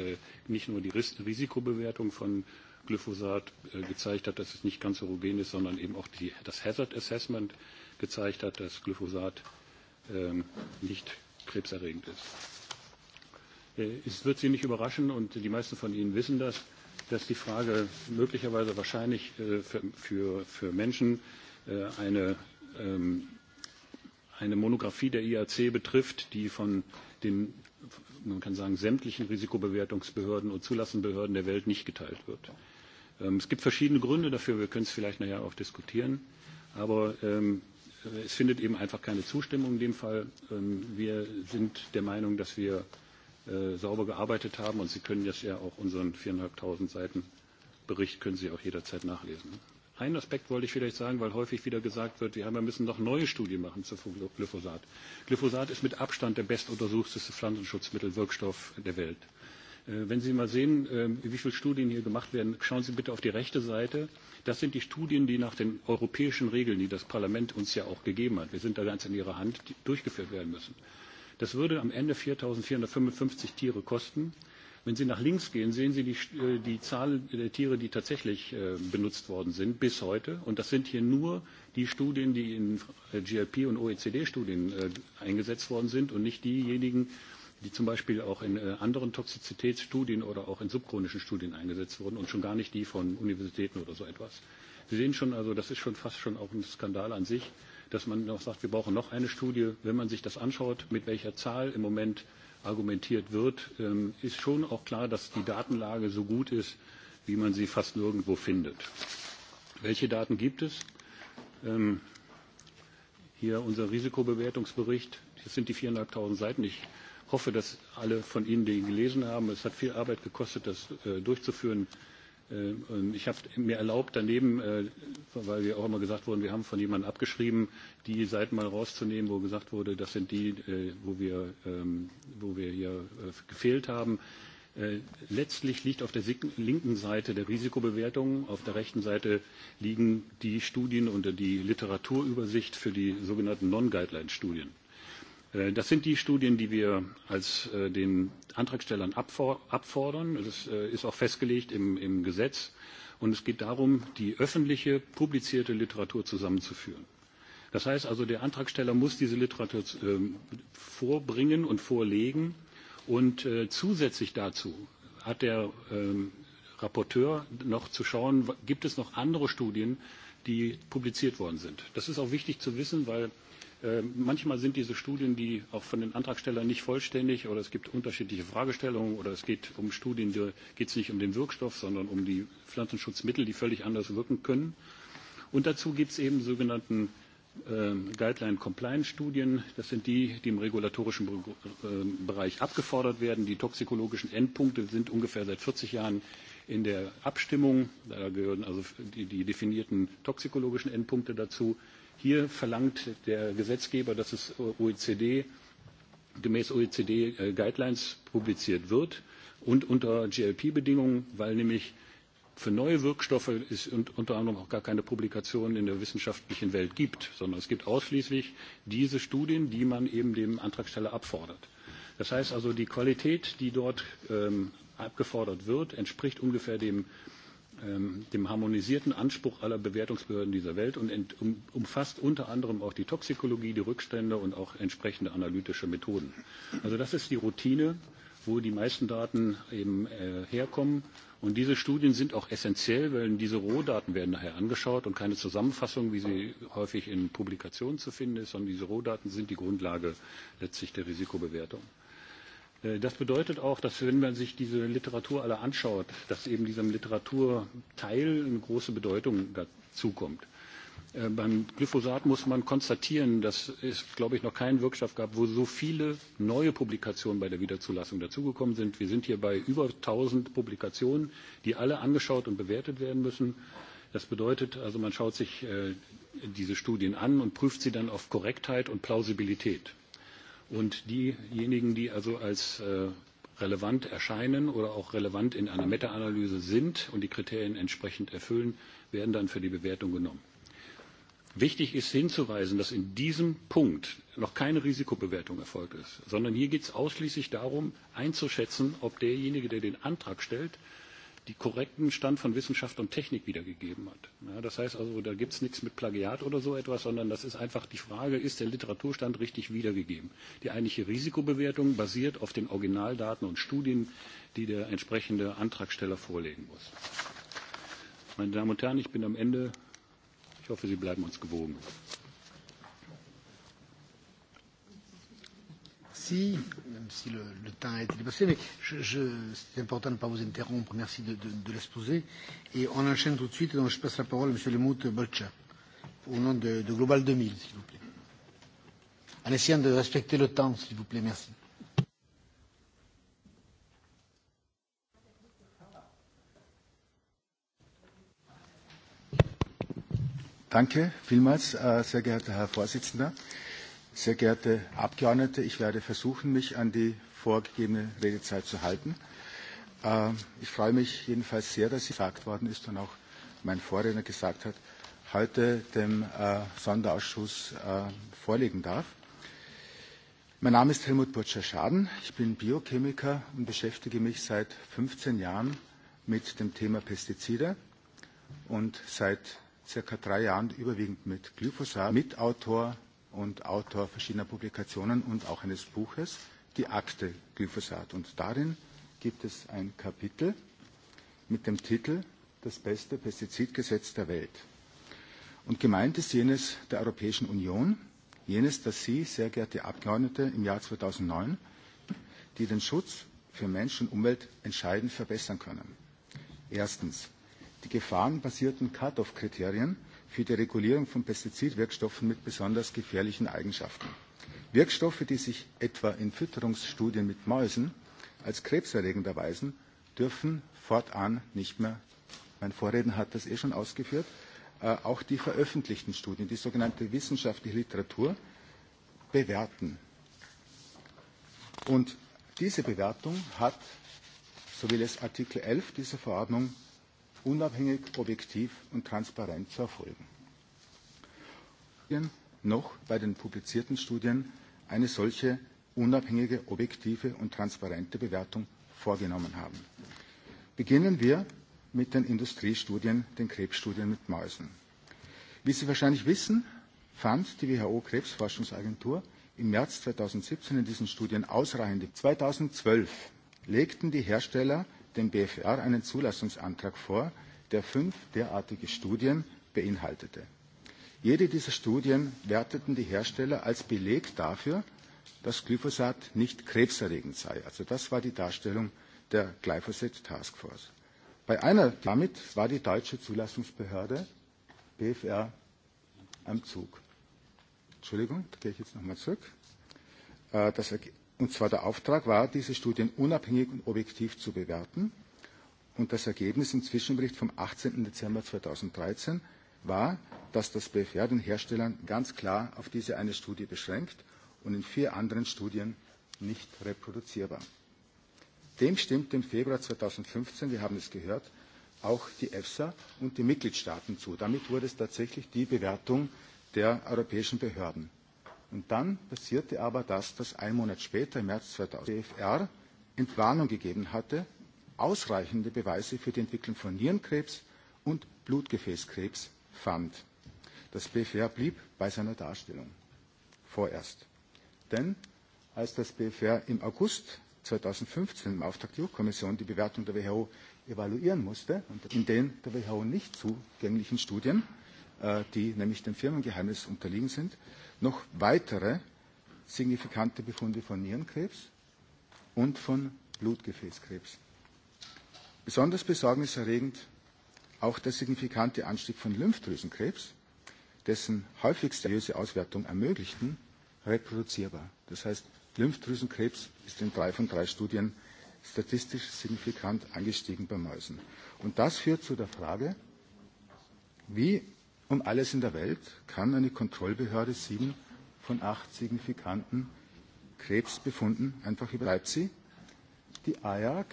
nicht nur die Risikobewertung von Glyphosat gezeigt hat, dass es nicht ganz kanzerogen ist, sondern eben auch das Hazard Assessment gezeigt hat, dass Glyphosat nicht krebserregend ist. Es wird Sie nicht überraschen, und die meisten von Ihnen wissen das, dass die Frage möglicherweise wahrscheinlich für Menschen eine eine Monographie der IAC betrifft, die von den, man kann sagen, sämtlichen Risikobewertungsbehörden und Zulassenbehörden der Welt nicht geteilt wird. Es gibt verschiedene Gründe dafür, wir können es vielleicht nachher auch diskutieren, aber es findet eben einfach keine Zustimmung in dem Fall. Wir sind der Meinung, dass wir sauber gearbeitet haben und Sie können jetzt ja auch unseren 4.500 Seiten Bericht können Sie auch jederzeit nachlesen. Einen Aspekt wollte ich vielleicht sagen, weil häufig wieder gesagt wird, wir müssen noch neue Studien machen zu Glyphosat. Glyphosat ist mit Abstand der bestuntersuchteste Pflanzenschutzmittelwirkstoff der Welt. Wenn Sie mal sehen, wie viele Studien hier gemacht werden, schauen Sie bitte auf die rechte Seite. Das sind die Studien, die nach den europäischen Regeln, die das Parlament uns ja auch gegeben hat, wir sind da ganz in Ihrer Hand, durchgeführt werden müssen. Das würde am Ende 4.455 Tiere kosten. Wenn Sie nach links gehen, sehen Sie die Zahl der Tiere, die tatsächlich benutzt worden sind bis heute. Und das sind hier nur die Studien, die in GLP- und OECD-Studien eingesetzt worden sind und nicht diejenigen, die zum Beispiel auch in anderen Toxizitätsstudien oder auch in subchronischen Studien eingesetzt wurden und schon gar nicht die von Universitäten oder so etwas. Sie sehen schon, also das ist schon fast schon auch ein Skandal an sich, dass man noch sagt, wir brauchen noch eine Studie. Wenn man sich das anschaut, mit welcher Zahl im Moment argumentiert wird, ist schon auch klar, dass die Datenlage so gut ist, wie man sie fast nirgendwo findet. Welche Daten gibt es? Hier unser Risikobewertungsbericht. Das sind die 4.500 Seiten. Ich Ich hoffe, dass alle von Ihnen den gelesen haben. Es hat viel Arbeit gekostet, das durchzuführen. Ich habe mir erlaubt, daneben, weil wir auch immer gesagt wurden, wir haben von jemandem abgeschrieben, die Seiten mal rauszunehmen, wo gesagt wurde, das sind die, wo wir, hier gefehlt haben. Letztlich liegt auf der linken Seite der Risikobewertung, auf der rechten Seite liegen die Studien und die Literaturübersicht für die sogenannten Non-Guideline-Studien. Das sind die Studien, die wir als den Antragstellern abfordern. Das ist auch festgelegt im Gesetz. Und es geht darum, die öffentliche, publizierte Literatur zusammenzuführen. Das heißt also, der Antragsteller muss diese Literatur vorbringen und vorlegen. Und zusätzlich dazu hat der Rapporteur noch zu schauen, gibt es noch andere Studien, die publiziert worden sind. Das ist auch wichtig zu wissen, weil Manchmal sind diese Studien, die auch von den Antragstellern nicht vollständig oder es gibt unterschiedliche Fragestellungen oder es geht um Studien, da geht es nicht um den Wirkstoff, sondern um die Pflanzenschutzmittel, die völlig anders wirken können. Und dazu gibt es eben sogenannten Guideline-Compliance-Studien. Das sind die, die im regulatorischen Bereich abgefordert werden. Die toxikologischen Endpunkte sind ungefähr seit 40 Jahren in der Abstimmung. Da gehören also die definierten toxikologischen Endpunkte dazu. Hier verlangt der Gesetzgeber, dass es OECD gemäß OECD Guidelines publiziert wird und unter GLP Bedingungen, weil nämlich für neue Wirkstoffe es unter anderem auch gar keine Publikationen in der wissenschaftlichen Welt gibt, sondern es gibt ausschließlich diese Studien, die man eben dem Antragsteller abfordert. Das heißt also, die Qualität, die dort abgefordert wird, entspricht ungefähr dem dem harmonisierten Anspruch aller Bewertungsbehörden dieser Welt und umfasst unter anderem auch die Toxikologie, die Rückstände und auch entsprechende analytische Methoden. Also das ist die Routine, wo die meisten Daten eben herkommen. Und diese Studien sind auch essentiell, weil diese Rohdaten werden nachher angeschaut und keine Zusammenfassung, wie sie häufig in Publikationen zu finden ist, sondern diese Rohdaten sind die Grundlage letztlich der Risikobewertung. Das bedeutet auch, dass wenn man sich diese Literatur alle anschaut, dass eben diesem Literaturteil eine große Bedeutung dazukommt. Beim Glyphosat muss man konstatieren, dass es, glaube ich, noch keinen Wirkstoff gab, wo so viele neue Publikationen bei der Wiederzulassung dazugekommen sind. Wir sind hier bei über 1000 Publikationen, die alle angeschaut und bewertet werden müssen. Das bedeutet also, man schaut sich diese Studien an und prüft sie dann auf Korrektheit und Plausibilität. Und diejenigen, die also als relevant erscheinen oder auch relevant in einer Metaanalyse sind und die Kriterien entsprechend erfüllen, werden dann für die Bewertung genommen. Wichtig ist hinzuweisen, dass in diesem Punkt noch keine Risikobewertung erfolgt ist, sondern hier geht es ausschließlich darum, einzuschätzen, ob derjenige, der den Antrag stellt, die korrekten Stand von Wissenschaft und Technik wiedergegeben hat. Das heißt also, da gibt es nichts mit Plagiat oder so etwas, sondern das ist einfach die Frage, ist der Literaturstand richtig wiedergegeben? Die eigentliche Risikobewertung basiert auf den Originaldaten und Studien, die der entsprechende Antragsteller vorlegen muss. Meine Damen und Herren, ich bin am Ende. Ich hoffe, Sie bleiben uns gewogen. Merci, même si le, le temps a été dépassé, mais je, je, c'est important de ne pas vous interrompre. Merci de, de, de l'exposer. Et on enchaîne tout de suite, donc je passe la parole à M. Lemout Bolcha, au nom de, de Global 2000, s'il vous plaît. En essayant de respecter le temps, s'il vous plaît. Merci. Danke vielmals, sehr geehrter Herr Vorsitzender. Sehr geehrte Abgeordnete, ich werde versuchen, mich an die vorgegebene Redezeit zu halten. Ich freue mich jedenfalls sehr, dass sie gesagt worden ist und auch mein Vorredner gesagt hat, heute dem Sonderausschuss vorlegen darf. Mein Name ist Helmut Burtscher-Schaden. Ich bin Biochemiker und beschäftige mich seit 15 Jahren mit dem Thema Pestizide und seit circa drei Jahren überwiegend mit Glyphosat. Mitautor und Autor verschiedener Publikationen und auch eines Buches, die Akte Glyphosat. Und darin gibt es ein Kapitel mit dem Titel Das beste Pestizidgesetz der Welt. Und gemeint ist jenes der Europäischen Union, jenes, das Sie, sehr geehrte Abgeordnete, im Jahr 2009, die den Schutz für Mensch und Umwelt entscheidend verbessern können. Erstens. Die gefahrenbasierten Cut-off-Kriterien für die Regulierung von Pestizidwirkstoffen mit besonders gefährlichen Eigenschaften. Wirkstoffe, die sich etwa in Fütterungsstudien mit Mäusen als krebserregend erweisen, dürfen fortan nicht mehr, mein Vorredner hat das eh schon ausgeführt, auch die veröffentlichten Studien, die sogenannte wissenschaftliche Literatur, bewerten. Und diese Bewertung hat, so will es Artikel 11 dieser Verordnung unabhängig, objektiv und transparent zu erfolgen. Noch bei den publizierten Studien eine solche unabhängige, objektive und transparente Bewertung vorgenommen haben. Beginnen wir mit den Industriestudien, den Krebsstudien mit Mäusen. Wie Sie wahrscheinlich wissen, fand die WHO Krebsforschungsagentur im März 2017 in diesen Studien ausreichend. 2012 legten die Hersteller dem BFR einen Zulassungsantrag vor, der fünf derartige Studien beinhaltete. Jede dieser Studien werteten die Hersteller als Beleg dafür, dass Glyphosat nicht krebserregend sei. Also das war die Darstellung der Glyphosate Task Force. Bei einer damit war die deutsche Zulassungsbehörde BFR am Zug. Entschuldigung, da gehe ich jetzt nochmal zurück. Und zwar der Auftrag war, diese Studien unabhängig und objektiv zu bewerten. Und das Ergebnis im Zwischenbericht vom 18. Dezember 2013 war, dass das BFR den Herstellern ganz klar auf diese eine Studie beschränkt und in vier anderen Studien nicht reproduzierbar. Dem stimmt im Februar 2015, wir haben es gehört, auch die EFSA und die Mitgliedstaaten zu. Damit wurde es tatsächlich die Bewertung der europäischen Behörden. Und dann passierte aber das, dass ein Monat später, im März 2000, DFR Entwarnung gegeben hatte, ausreichende Beweise für die Entwicklung von Nierenkrebs und Blutgefäßkrebs fand. Das BFR blieb bei seiner Darstellung. Vorerst. Denn als das BFR im August 2015 im Auftrag der EU-Kommission die Bewertung der WHO evaluieren musste, und in den der WHO nicht zugänglichen Studien, die nämlich dem Firmengeheimnis unterliegen sind, noch weitere signifikante Befunde von Nierenkrebs und von Blutgefäßkrebs. Besonders besorgniserregend auch der signifikante Anstieg von Lymphdrüsenkrebs, dessen häufigste seriöse Auswertung ermöglichten, reproduzierbar. Das heißt, Lymphdrüsenkrebs ist in drei von drei Studien statistisch signifikant angestiegen bei Mäusen. Und das führt zu der Frage, wie Um alles in der Welt kann eine Kontrollbehörde sieben von acht signifikanten Krebsbefunden einfach übertreibt sie. Die AJAG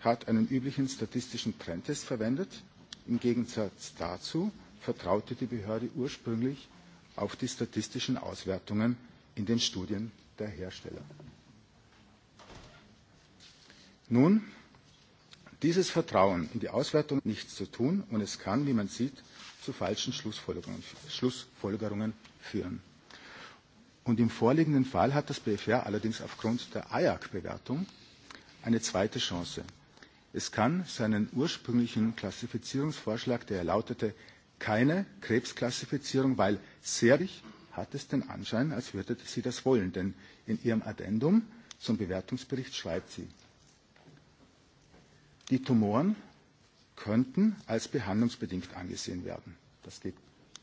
hat einen üblichen statistischen Trendtest verwendet. Im Gegensatz dazu vertraute die Behörde ursprünglich auf die statistischen Auswertungen in den Studien der Hersteller. Nun, dieses Vertrauen in die Auswertung nichts zu tun, und es kann, wie man sieht, zu falschen Schlussfolgerungen führen. Und im vorliegenden Fall hat das BFR allerdings aufgrund der ajag bewertung eine zweite Chance. Es kann seinen ursprünglichen Klassifizierungsvorschlag, der lautete keine Krebsklassifizierung, weil Serich hat es den Anschein, als würde sie das wollen, denn in ihrem Addendum zum Bewertungsbericht schreibt sie Die Tumoren könnten als behandlungsbedingt angesehen werden. Das geht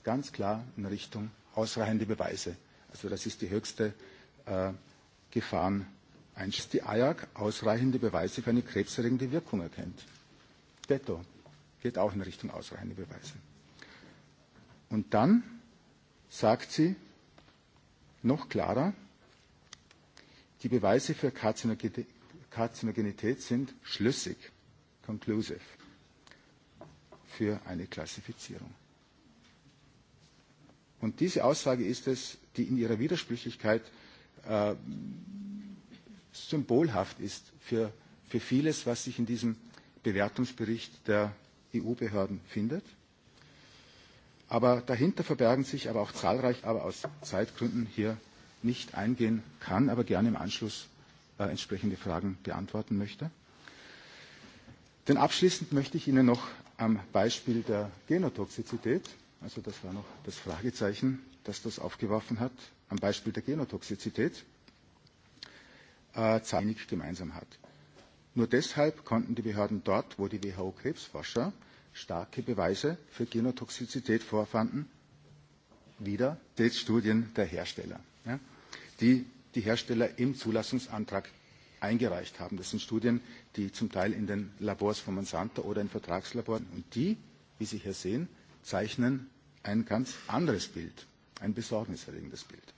ganz klar in Richtung ausreichende Beweise. Also das ist die höchste Gefahren die IARC ausreichende Beweise für eine krebserregende Wirkung erkennt. Detto geht auch in Richtung ausreichende Beweise. Und dann sagt sie noch klarer, die Beweise für Karzinogenität sind schlüssig, conclusive für eine Klassifizierung. Und diese Aussage ist es, die in ihrer Widersprüchlichkeit symbolhaft ist für vieles, was sich in diesem Bewertungsbericht der EU-Behörden findet. Aber dahinter verbergen sich aber auch zahlreich, aber aus Zeitgründen hier nicht eingehen kann, aber gerne im Anschluss entsprechende Fragen beantworten möchte. Denn abschließend möchte ich Ihnen noch am Beispiel der Genotoxizität, also das war noch das Fragezeichen, das das aufgeworfen hat, am Beispiel der Genotoxizität, zeinig gemeinsam hat. Nur deshalb konnten die Behörden dort, wo die WHO-Krebsforscher starke Beweise für Genotoxizität vorfanden, wieder Teststudien der Hersteller, die die Hersteller im Zulassungsantrag eingereicht haben. Das sind Studien, die zum Teil in den Labors von Monsanto oder in Vertragslaboren und die, wie Sie hier sehen, zeichnen ein ganz anderes Bild, ein besorgniserregendes Bild.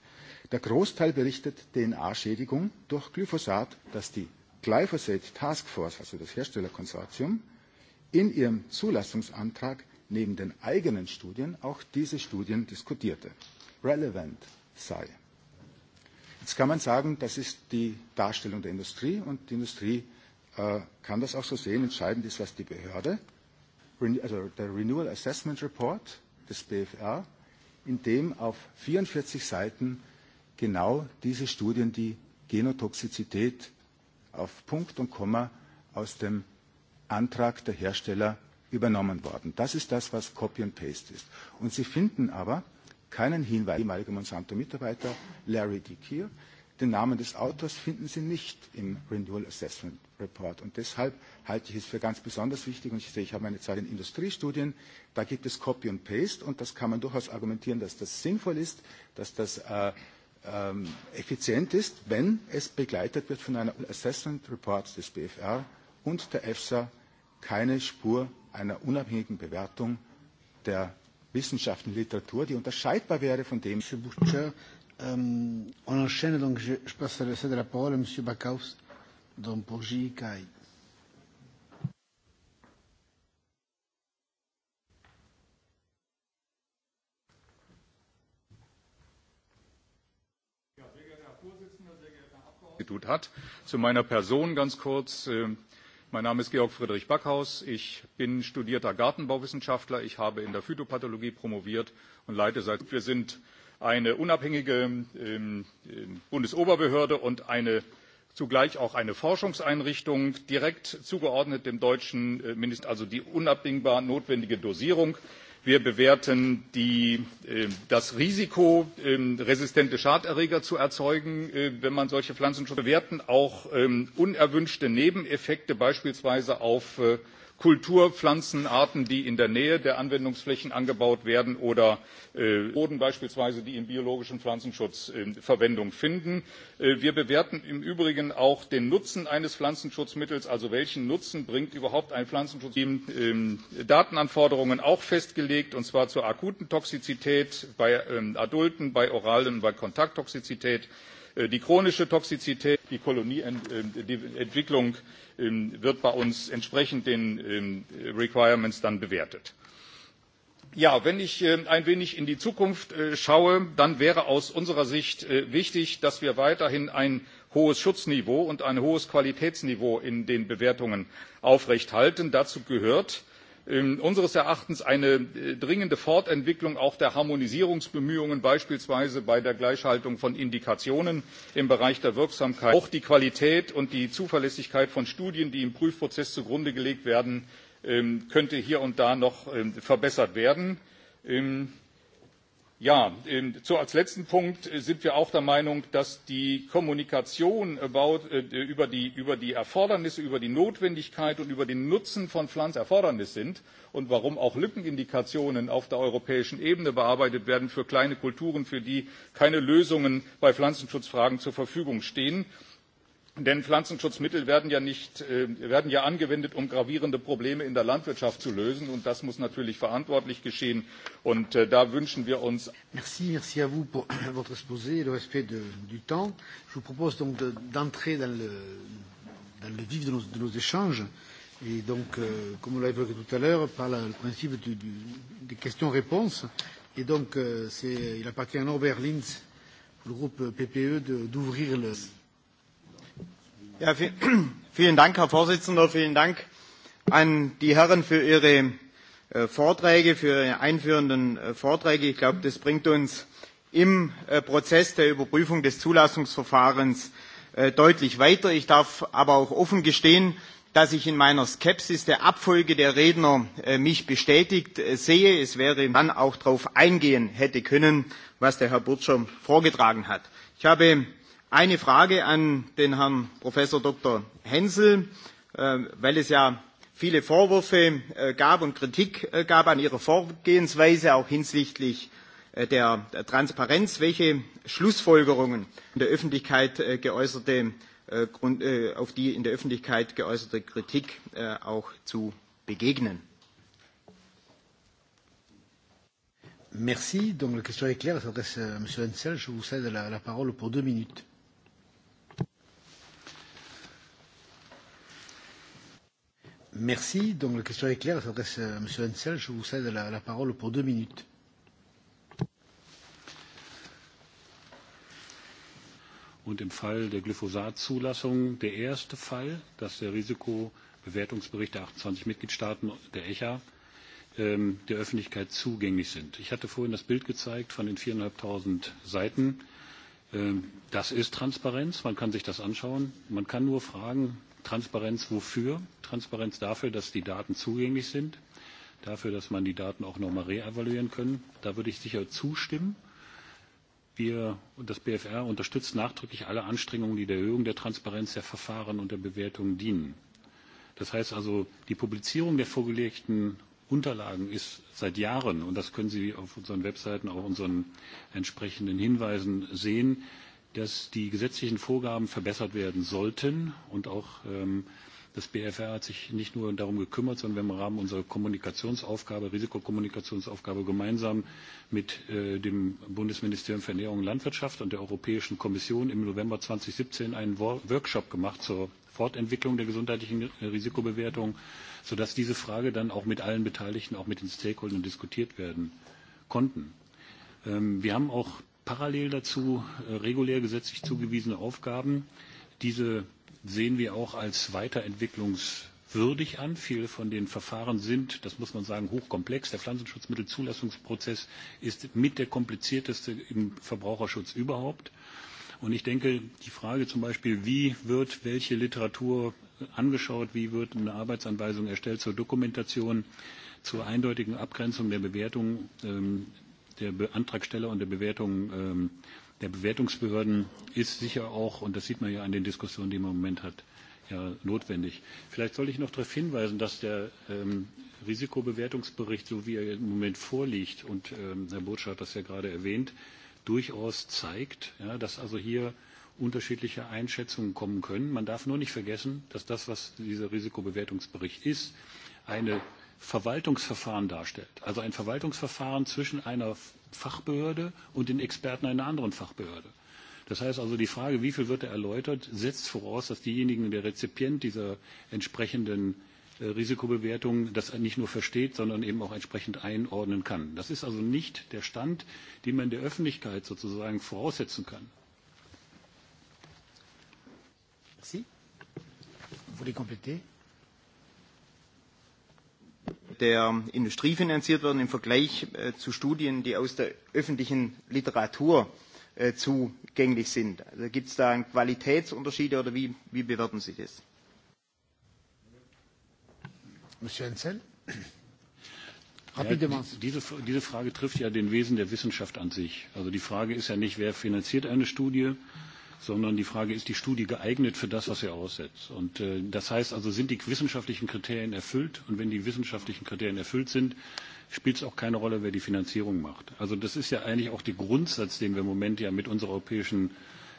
Der Großteil berichtet DNA-Schädigung durch Glyphosat, dass die Glyphosate Task Force, also das Herstellerkonsortium, in ihrem Zulassungsantrag neben den eigenen Studien auch diese Studien diskutierte, relevant sei. Jetzt kann man sagen, das ist die Darstellung der Industrie und die Industrie kann das auch so sehen. Entscheidend ist, was die Behörde, also der Renewal Assessment Report des BFR, in dem auf 44 Seiten genau diese Studien die Genotoxizität auf Punkt und Komma aus dem Antrag der Hersteller übernommen worden. Das ist das, was Copy and Paste ist. Und Sie finden aber keinen Hinweis. ehemalige Monsanto-Mitarbeiter Larry Dekear. Den Namen des Autors finden Sie nicht im Renewal Assessment Report. Und deshalb halte ich es für ganz besonders wichtig, und ich sehe, ich habe eine Zeit in Industriestudien, da gibt es Copy und Paste, und das kann man durchaus argumentieren, dass das sinnvoll ist, dass das effizient ist, wenn es begleitet wird von einem Assessment Report des BFR und der EFSA keine Spur einer unabhängigen Bewertung der Wissenschaft und Literatur, die unterscheidbar wäre von dem. ähm, On enchaîne, donc je, je passe céder la parole à Monsieur Backhaus donc pour JICAI. Institut hat. Zu meiner Person ganz kurz. Mein Name ist Georg Friedrich Backhaus. Ich bin studierter Gartenbauwissenschaftler. Ich habe in der Phytopathologie promoviert und leite seit. Wir sind eine unabhängige Bundesoberbehörde und eine zugleich auch eine Forschungseinrichtung, direkt zugeordnet dem deutschen Minister, also die unabdingbar notwendige Dosierung wir bewerten das risiko resistente schaderreger zu erzeugen wenn man solche pflanzenschutzmittel bewerten auch unerwünschte nebeneffekte beispielsweise auf Kulturpflanzenarten, die in der Nähe der Anwendungsflächen angebaut werden oder Boden beispielsweise, die im biologischen Pflanzenschutz Verwendung finden. Wir bewerten im Übrigen auch den Nutzen eines Pflanzenschutzmittels, also welchen Nutzen bringt überhaupt ein Pflanzenschutz. Datenanforderungen auch festgelegt, und zwar zur akuten Toxizität bei Adulten, bei oralen und bei Kontakttoxizität Die chronische Toxizität, die Kolonieentwicklung wird bei uns entsprechend den Requirements dann bewertet. Ja, wenn ich ein wenig in die Zukunft schaue, dann wäre aus unserer Sicht wichtig, dass wir weiterhin ein hohes Schutzniveau und ein hohes Qualitätsniveau in den Bewertungen aufrechthalten. Dazu gehört unseres Erachtens eine dringende Fortentwicklung auch der Harmonisierungsbemühungen, beispielsweise bei der Gleichhaltung von Indikationen im Bereich der Wirksamkeit. Auch die Qualität und die Zuverlässigkeit von Studien, die im Prüfprozess zugrunde gelegt werden, könnte hier und da noch verbessert werden. Ja, als letzten Punkt sind wir auch der Meinung, dass die Kommunikation über die Erfordernisse, über die Notwendigkeit und über den Nutzen von Pflanzen sind und warum auch Lückenindikationen auf der europäischen Ebene bearbeitet werden für kleine Kulturen, für die keine Lösungen bei Pflanzenschutzfragen zur Verfügung stehen denn pflanzenschutzmittel werden ja nicht angewendet um gravierende probleme in der landwirtschaft zu lösen und das muss natürlich verantwortlich geschehen und da wünschen wir uns. merci merci à vous pour votre exposé et le respect du temps. je vous propose donc d'entrer dans le vif de nos échanges et donc comme on l'a évoqué tout à l'heure par le principe des questions réponses et donc il appartient à norbert linz pour le groupe ppe d'ouvrir le Herr Vorsitzender. Vielen Dank an die Herren für ihre Vorträge, für ihre einführenden Vorträge. Ich glaube, das bringt uns im Prozess der Überprüfung des Zulassungsverfahrens deutlich weiter. Ich darf aber auch offen gestehen, dass ich in meiner Skepsis der Abfolge der Redner bestätigt sehe. Es wäre dann auch darauf eingehen hätte können, was der Herr Burtscher vorgetragen hat. Ich habe Eine Frage an den Herrn Professor Dr. Hensel, weil es ja viele Vorwürfe gab und Kritik gab an Ihrer Vorgehensweise, auch hinsichtlich der Transparenz. Welche Schlussfolgerungen der Öffentlichkeit auf die in der Öffentlichkeit geäußerte Kritik auch zu begegnen? Merci. Donc la question est claire, s'adresse à Monsieur Hensel. Je vous cède la parole pour deux minutes. Merci. Donc question est claire, s'adresse à Je vous cède la, parole pour minutes. Und im Fall der Glyphosat-Zulassung der erste Fall, dass der Risikobewertungsbericht der 28 Mitgliedstaaten der ECHA der Öffentlichkeit zugänglich sind. Ich hatte vorhin das Bild gezeigt von den 4.500 Seiten. Das ist Transparenz. Man kann sich das anschauen. Man kann nur fragen, Transparenz wofür? Transparenz dafür, dass die Daten zugänglich sind, dafür, dass man die Daten auch nochmal reevaluieren kann. Da würde ich sicher zustimmen. Wir und das BFR unterstützt nachdrücklich alle Anstrengungen, die der Erhöhung der Transparenz der Verfahren und der Bewertungen dienen. Das heißt also, die Publizierung der vorgelegten Unterlagen ist seit Jahren, und das können Sie auf unseren Webseiten, auch unseren entsprechenden Hinweisen sehen, dass die gesetzlichen Vorgaben verbessert werden sollten. Und auch das BFR hat sich nicht nur darum gekümmert, sondern wir haben im Rahmen unserer Kommunikationsaufgabe, Risikokommunikationsaufgabe gemeinsam mit dem Bundesministerium für Ernährung und Landwirtschaft und der Europäischen Kommission im November 2017 einen Workshop gemacht zur Fortentwicklung der gesundheitlichen Risikobewertung, sodass diese Frage dann auch mit allen Beteiligten, auch mit den Stakeholdern diskutiert werden konnten. Wir haben auch parallel dazu regulär gesetzlich zugewiesene Aufgaben. Diese sehen wir auch als weiterentwicklungswürdig an. Viele von den Verfahren sind, das muss man sagen, hochkomplex. Der Pflanzenschutzmittelzulassungsprozess ist mit der komplizierteste im Verbraucherschutz überhaupt. Und ich denke, die Frage zum Beispiel, wie wird welche Literatur angeschaut, wie wird eine Arbeitsanweisung erstellt zur Dokumentation, zur eindeutigen Abgrenzung der Bewertung der Antragsteller und der Bewertung der Bewertungsbehörden ist sicher auch, und das sieht man ja an den Diskussionen, die man im Moment hat, ja notwendig. Vielleicht soll ich noch darauf hinweisen, dass der Risikobewertungsbericht, so wie er im Moment vorliegt, und Herr Botschaft, hat das ja gerade erwähnt, durchaus zeigt, dass also hier unterschiedliche Einschätzungen kommen können. Man darf nur nicht vergessen, dass das, was dieser Risikobewertungsbericht ist, eine Verwaltungsverfahren darstellt. Also ein Verwaltungsverfahren zwischen einer Fachbehörde und den Experten einer anderen Fachbehörde. Das heißt also, die Frage, wie viel wird er erläutert, setzt voraus, dass diejenigen, der Rezipient dieser entsprechenden Risikobewertung, das nicht nur versteht, sondern eben auch entsprechend einordnen kann. Das ist also nicht der Stand, den man der Öffentlichkeit sozusagen voraussetzen kann. Merci. Vous voulez compléter der Industrie finanziert werden, im Vergleich zu Studien, die aus der öffentlichen Literatur zugänglich sind. gibt es da Qualitätsunterschiede oder wie bewerten Sie das? Diese Frage trifft ja den Wesen der Wissenschaft an sich. Also die Frage ist ja nicht, wer finanziert eine Studie, sondern die Frage, ist die Studie geeignet für das, was sie aussetzt? Und das heißt also, sind die wissenschaftlichen Kriterien erfüllt? Und wenn die wissenschaftlichen Kriterien erfüllt sind, spielt es auch keine Rolle, wer die Finanzierung macht. Also das ist ja eigentlich auch der Grundsatz, den wir im Moment ja mit unserer europäischen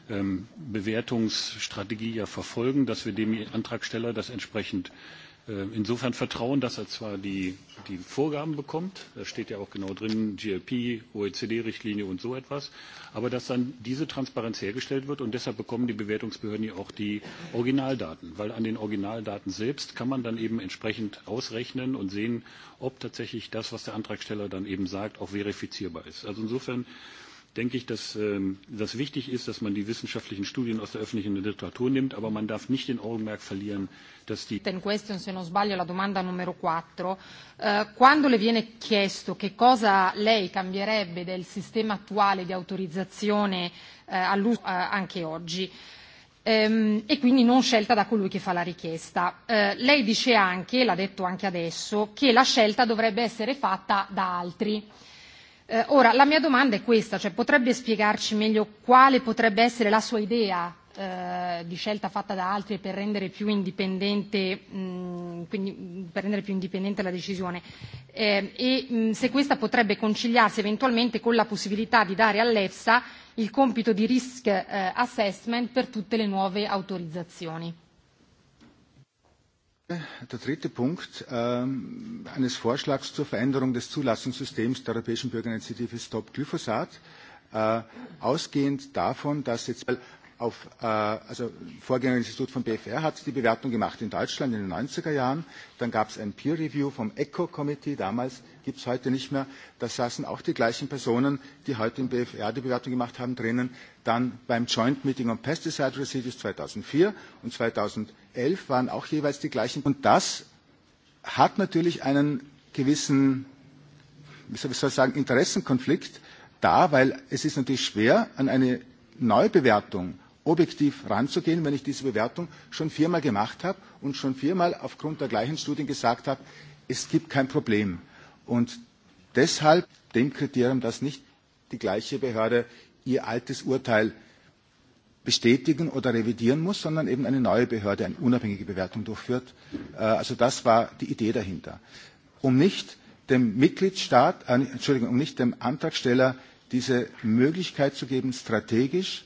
Bewertungsstrategie ja verfolgen, dass wir dem Antragsteller das entsprechend insofern Vertrauen, dass er zwar die Vorgaben bekommt, da steht ja auch genau drin, GLP, OECD-Richtlinie und so etwas, aber dass dann diese Transparenz hergestellt wird und deshalb bekommen die Bewertungsbehörden ja auch die Originaldaten, weil an den Originaldaten selbst kann man dann eben entsprechend ausrechnen und sehen, ob tatsächlich das, was der Antragsteller dann eben sagt, auch verifizierbar ist. Also insofern denke ich, dass das wichtig ist, dass man die wissenschaftlichen Studien aus der öffentlichen Literatur nimmt, aber man darf nicht den Augenmerk verlieren, dass die. Denn question, se non sbaglio, la domanda numero 4. Quando le viene chiesto che cosa lei cambierebbe del sistema attuale di autorizzazione all'uso anche oggi, e quindi non scelta da colui che fa la richiesta. Lei dice anche, l'ha detto anche adesso, che la scelta dovrebbe essere fatta da altri Ora, la mia domanda è questa, cioè potrebbe spiegarci meglio quale potrebbe essere la sua idea di scelta fatta da altri per rendere più indipendente quindi per rendere più indipendente la decisione e se questa potrebbe conciliarsi eventualmente con la possibilità di dare all'EFSA il compito di risk assessment per tutte le nuove autorizzazioni. Der dritte Punkt eines Vorschlags zur Veränderung des Zulassungssystems der Europäischen Bürgerinitiative Stop Glyphosat, ausgehend davon, dass jetzt auf, also Vorgängerinstitut von BFR hat die Bewertung gemacht in Deutschland in den 90er Jahren. Dann gab es ein Peer Review vom ECO Committee, damals gibt es heute nicht mehr. Da saßen auch die gleichen Personen, die heute im BFR die Bewertung gemacht haben, drinnen. Dann beim Joint Meeting on Pesticide Residues 2004 und 2005 elf waren auch jeweils die gleichen. Und das hat natürlich einen gewissen, wie soll ich sagen, Interessenkonflikt da, weil es ist natürlich schwer, an eine Neubewertung objektiv ranzugehen, wenn ich diese Bewertung schon viermal gemacht habe und schon viermal aufgrund der gleichen Studien gesagt habe, es gibt kein Problem. Und deshalb dem Kriterium, dass nicht die gleiche Behörde ihr altes Urteil bestätigen oder revidieren muss, sondern eben eine neue Behörde eine unabhängige Bewertung durchführt. Also das war die Idee dahinter. Um nicht dem Mitgliedstaat, Entschuldigung, um nicht dem Antragsteller diese Möglichkeit zu geben, strategisch.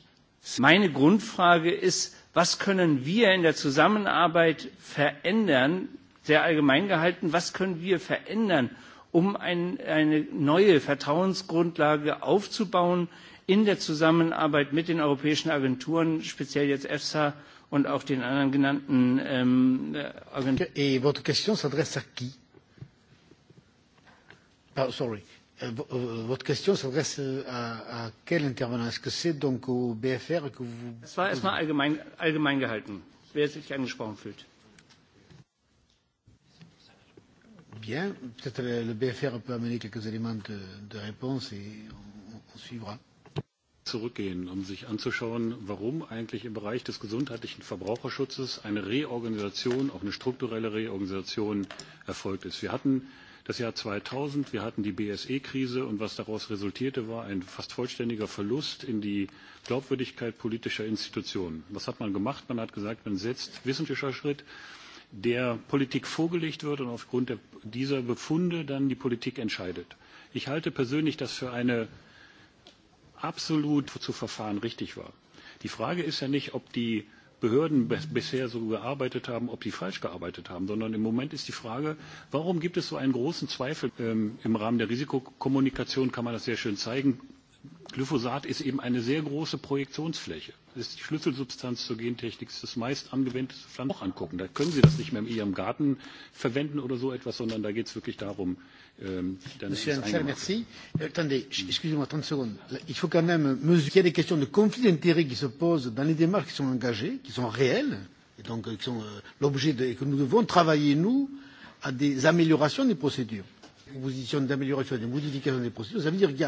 Meine Grundfrage ist, was können wir in der Zusammenarbeit verändern, sehr allgemein gehalten, was können wir verändern, um eine neue Vertrauensgrundlage aufzubauen, in der Zusammenarbeit mit den europäischen Agenturen, speziell jetzt EFSA und auch den anderen genannten Agenturen. Et votre question s'adresse à qui Sorry. Votre question s'adresse à quel intervenant Est-ce que c'est donc au BFR que vous. Das war erstmal allgemein gehalten, wer sich angesprochen fühlt. Bien. Peut-être le BFR peut amener quelques éléments de réponse et on suivra zurückgehen, um sich anzuschauen, warum eigentlich im Bereich des gesundheitlichen Verbraucherschutzes eine Reorganisation, auch eine strukturelle Reorganisation erfolgt ist. Wir hatten das Jahr 2000, wir hatten die BSE-Krise und was daraus resultierte, war ein fast vollständiger Verlust in die Glaubwürdigkeit politischer Institutionen. Was hat man gemacht? Man hat gesagt, man setzt wissenschaftlicher Schritt, der Politik vorgelegt wird und aufgrund dieser Befunde dann die Politik entscheidet. Ich halte persönlich das für eine absolut zu verfahren richtig war. Die Frage ist ja nicht, ob die Behörden bisher so gearbeitet haben, ob sie falsch gearbeitet haben, sondern im Moment ist die Frage, warum gibt es so einen großen Zweifel? Im Rahmen der Risikokommunikation kann man das sehr schön zeigen. Glyphosat ist eben eine sehr große Projektionsfläche. Das ist die Schlüsselsubstanz zur Gentechnik, das ist das meist angewendete Pflanzen. Auch angucken. Da können Sie das nicht mehr in Ihrem Garten verwenden oder so etwas, sondern da geht es wirklich darum, Monsieur Ansel, merci. Attendez, excusez-moi 30 secondes. Il faut quand même mesurer qu'il y a des questions de conflit d'intérêts qui se posent dans les démarches qui sont engagées, qui sont réelles, et donc qui sont l'objet de, que nous devons travailler, nous, à des améliorations des procédures. Proposition d'amélioration, de modification des procédures, ça veut dire qu'il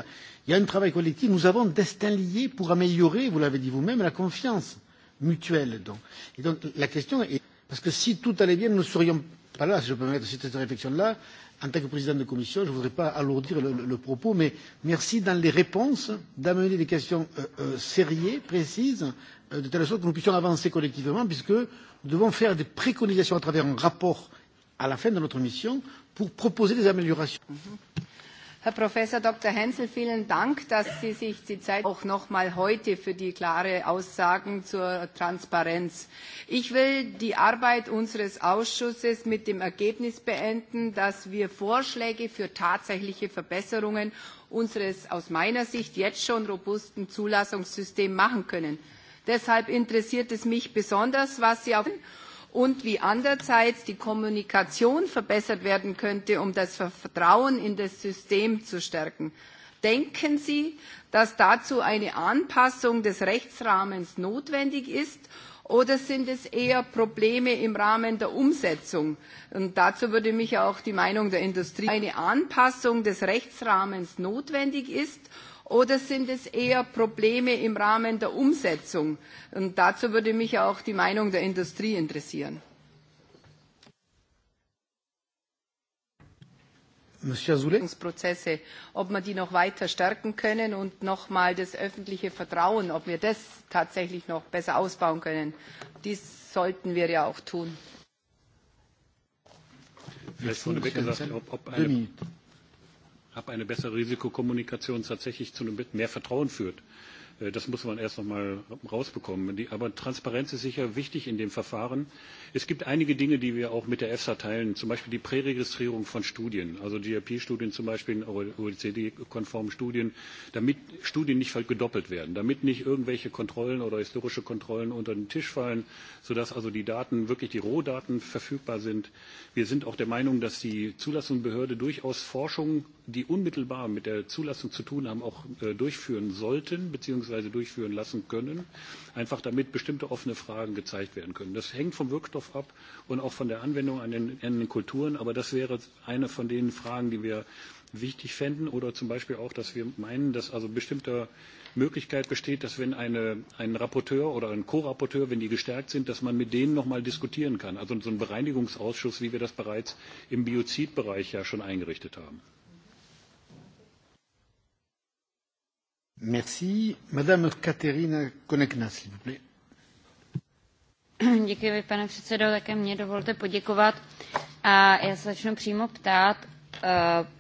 y, a un travail collectif. Nous avons destin lié pour améliorer, vous l'avez dit vous-même, la confiance mutuelle. Donc. Et donc la question est, parce que si tout allait bien, nous ne serions pas là, si je peux mettre cette réflexion-là, en tant que président de commission, je ne voudrais pas alourdir le propos, mais merci dans les réponses d'amener des questions sérieuses, précises, de telle sorte que nous puissions avancer collectivement, puisque nous devons faire des préconisations à travers un rapport à la fin de notre mission pour proposer des améliorations. Herr Prof. Dr. Hensel, vielen Dank, dass Sie sich die Zeit auch noch mal heute für die klaren Aussagen zur Transparenz. Ich will die Arbeit unseres Ausschusses mit dem Ergebnis beenden, dass wir Vorschläge für tatsächliche Verbesserungen unseres aus meiner Sicht jetzt schon robusten Zulassungssystems machen können. Deshalb interessiert es mich besonders, was Sie auf und wie andererseits die Kommunikation verbessert werden könnte, um das Vertrauen in das System zu stärken. Denken Sie, dass dazu eine Anpassung des Rechtsrahmens notwendig ist, oder sind es eher Probleme im Rahmen der Umsetzung? Und dazu würde mich auch die Meinung der Industrie eine Anpassung des Rechtsrahmens notwendig ist, oder sind es eher Probleme im Rahmen der Umsetzung? Und dazu würde mich auch die Meinung der Industrie interessieren. ob man die noch weiter stärken können und noch mal das öffentliche Vertrauen, ob wir das tatsächlich noch besser ausbauen können. Dies sollten wir ja auch tun ab eine bessere Risikokommunikation tatsächlich zu einem mehr Vertrauen führt. Das muss man erst noch mal rausbekommen. Aber Transparenz ist sicher wichtig in dem Verfahren. Es gibt einige Dinge, die wir auch mit der EFSA teilen, zum Beispiel die Präregistrierung von Studien, also GRP-Studien zum Beispiel, OECD-konformen Studien, damit Studien nicht gedoppelt werden, damit nicht irgendwelche Kontrollen oder historische Kontrollen unter den Tisch fallen, sodass also die Daten, wirklich die Rohdaten verfügbar sind. Wir sind auch der Meinung, dass die Zulassungsbehörde durchaus Forschung die unmittelbar mit der Zulassung zu tun haben, auch durchführen sollten bzw. durchführen lassen können, einfach damit bestimmte offene Fragen gezeigt werden können. Das hängt vom Wirkstoff ab und auch von der Anwendung an den Kulturen, aber das wäre eine von den Fragen, die wir wichtig fänden oder zum Beispiel auch, dass wir meinen, dass also bestimmte Möglichkeit besteht, dass wenn eine, ein Rapporteur oder ein Co-Rapporteur, wenn die gestärkt sind, dass man mit denen noch nochmal diskutieren kann. Also so ein Bereinigungsausschuss, wie wir das bereits im Biozidbereich ja schon eingerichtet haben. Merci. Madame Katerina s'il vous plaît. pane předsedo. Také mě dovolte poděkovat. A já se začnu přímo ptát,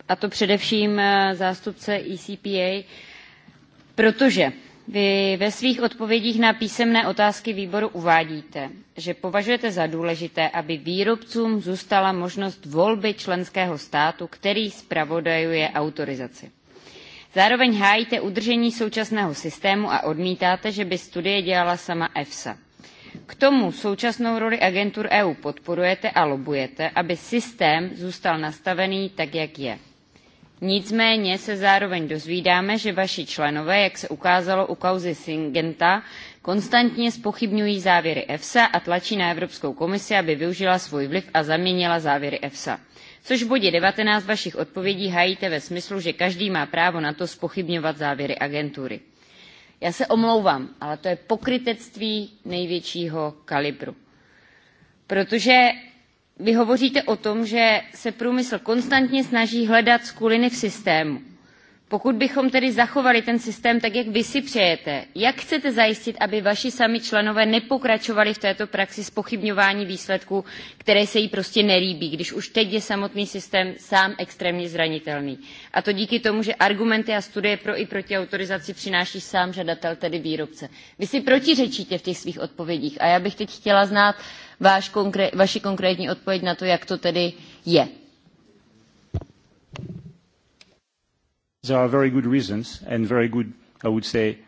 a to především zástupce ECPA, protože vy ve svých odpovědích na písemné otázky výboru uvádíte, že považujete za důležité, aby výrobcům zůstala možnost volby členského státu, který zpravodajuje autorizaci. Zároveň hájíte udržení současného systému a odmítáte, že by studie dělala sama EFSA. K tomu současnou roli agentur EU podporujete a lobujete, aby systém zůstal nastavený tak, jak je. Nicméně se zároveň dozvídáme, že vaši členové, jak se ukázalo u kauzy Syngenta, konstantně zpochybňují závěry efsa a tlačí na evropskou komisi aby využila svůj vliv a zaměnila závěry efsa což v bodě nineteen vašich odpovědí hájíte ve smyslu že každý má právo na to zpochybňovat závěry agentury. já se omlouvám ale to je pokrytectví největšího kalibru protože vy hovoříte o tom že se průmysl konstantně snaží hledat skuliny v systému Pokud bychom tedy zachovali ten systém tak, jak vy si přejete, jak chcete zajistit, aby vaši sami členové nepokračovali v této praxi spochybňování výsledků, které se jí prostě nelíbí, když už teď je samotný systém sám extrémně zranitelný. A to díky tomu, že argumenty a studie pro i proti autorizaci přináší sám žadatel, tedy výrobce. Vy si protiřečíte v těch svých odpovědích a já bych teď chtěla znát váš konkré, vaši konkrétní odpověď na to, jak to tedy je. There are very good reasons and very good, I would say,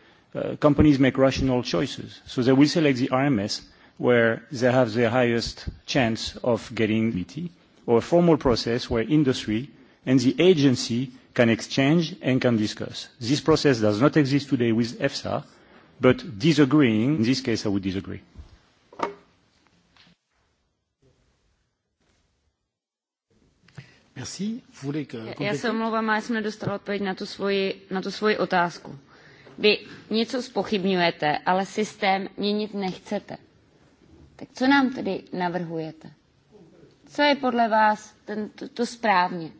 companies make rational choices. So they will select the RMS where they have the highest chance of getting VT or a formal process where industry and the agency can exchange and can discuss. This process does not exist today with EFSA, but disagreeing, in this case I would disagree. Já se omlouvám, já jsem nedostala odpověď na tu svoji, na tu svoji otázku. Vy něco spochybňujete, ale systém měnit nechcete. Tak co nám tedy navrhujete? Co je podle vás ten, to, to správně?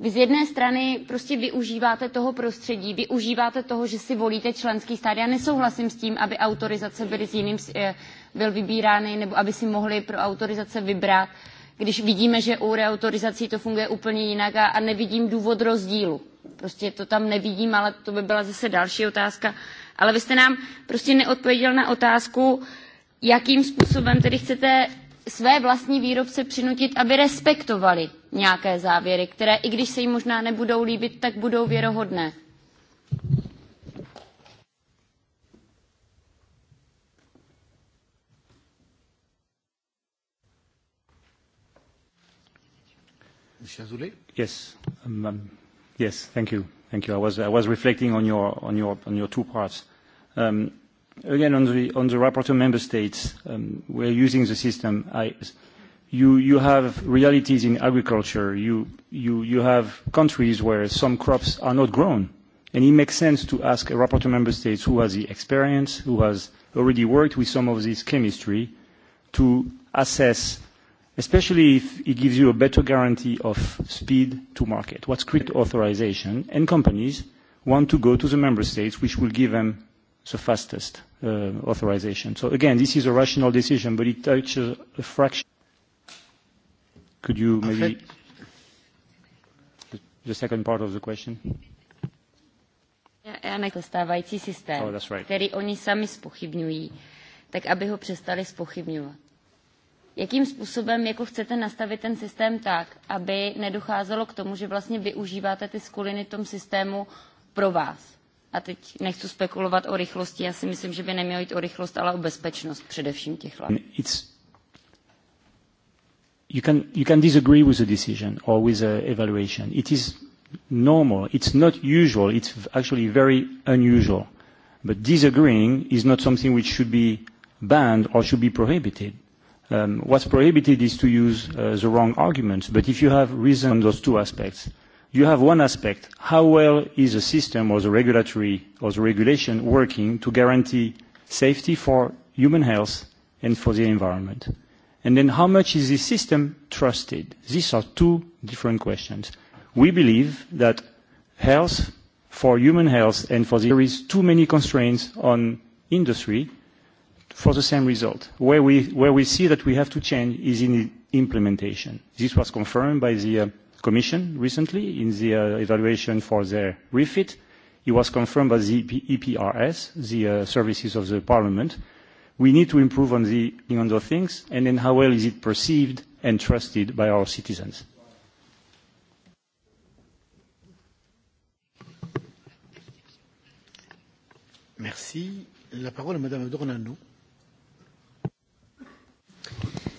Vy z jedné strany prostě využíváte toho prostředí, využíváte toho, že si volíte členský stát. Já nesouhlasím s tím, aby autorizace byly s jiným, byl vybírány, nebo aby si mohli pro autorizace vybrat když vidíme, že u reautorizací to funguje úplně jinak a nevidím důvod rozdílu. Prostě to tam nevidím, ale to by byla zase další otázka. Ale vy jste nám prostě neodpověděl na otázku, jakým způsobem tedy chcete své vlastní výrobce přinutit, aby respektovali nějaké závěry, které i když se jim možná nebudou líbit, tak budou věrohodné. Yes. Yes, thank you. Thank you. I was I was reflecting on your on your on your two parts. Again, on the on the rapporteur member states, we're using the system. You you have realities in agriculture. You you you have countries where some crops are not grown, and it makes sense to ask a rapporteur member states who has the experience, who has already worked with some of this chemistry, to assess especially if it gives you a better guarantee of speed to market. What's great authorization? And companies want to go to the member states, which will give them the fastest authorization. So again, this is a rational decision, but it touches a fraction. Could you maybe the second part of the question? Já stávající systém, který oni sami spochybňují, tak aby ho přestali jakým způsobem jako chcete nastavit ten systém tak, aby nedocházelo k tomu, že vlastně využíváte ty skuliny v tom systému pro vás. A teď nechci spekulovat o rychlosti, já si myslím, že by nemělo jít o rychlost, ale o bezpečnost především těch látek. You can, you can disagree with a decision or with the evaluation. It is normal. It's not usual. It's actually very unusual. But disagreeing is not something which should be banned or should be prohibited What's prohibited is to use the wrong arguments. But if you have reason on those two aspects, you have one aspect: how well is the system or the regulatory or the regulation working to guarantee safety for human health and for the environment? And then how much is this system trusted? These are two different questions. We believe that health, for human health and for the there is too many constraints on industry for the same result. Where we see that we have to change is in implementation. This was confirmed by the Commission recently in the evaluation for their refit. It was confirmed by the EPRS, the services of the Parliament. We need to improve on the things, and then how well is it perceived and trusted by our citizens. Merci. La parole Madame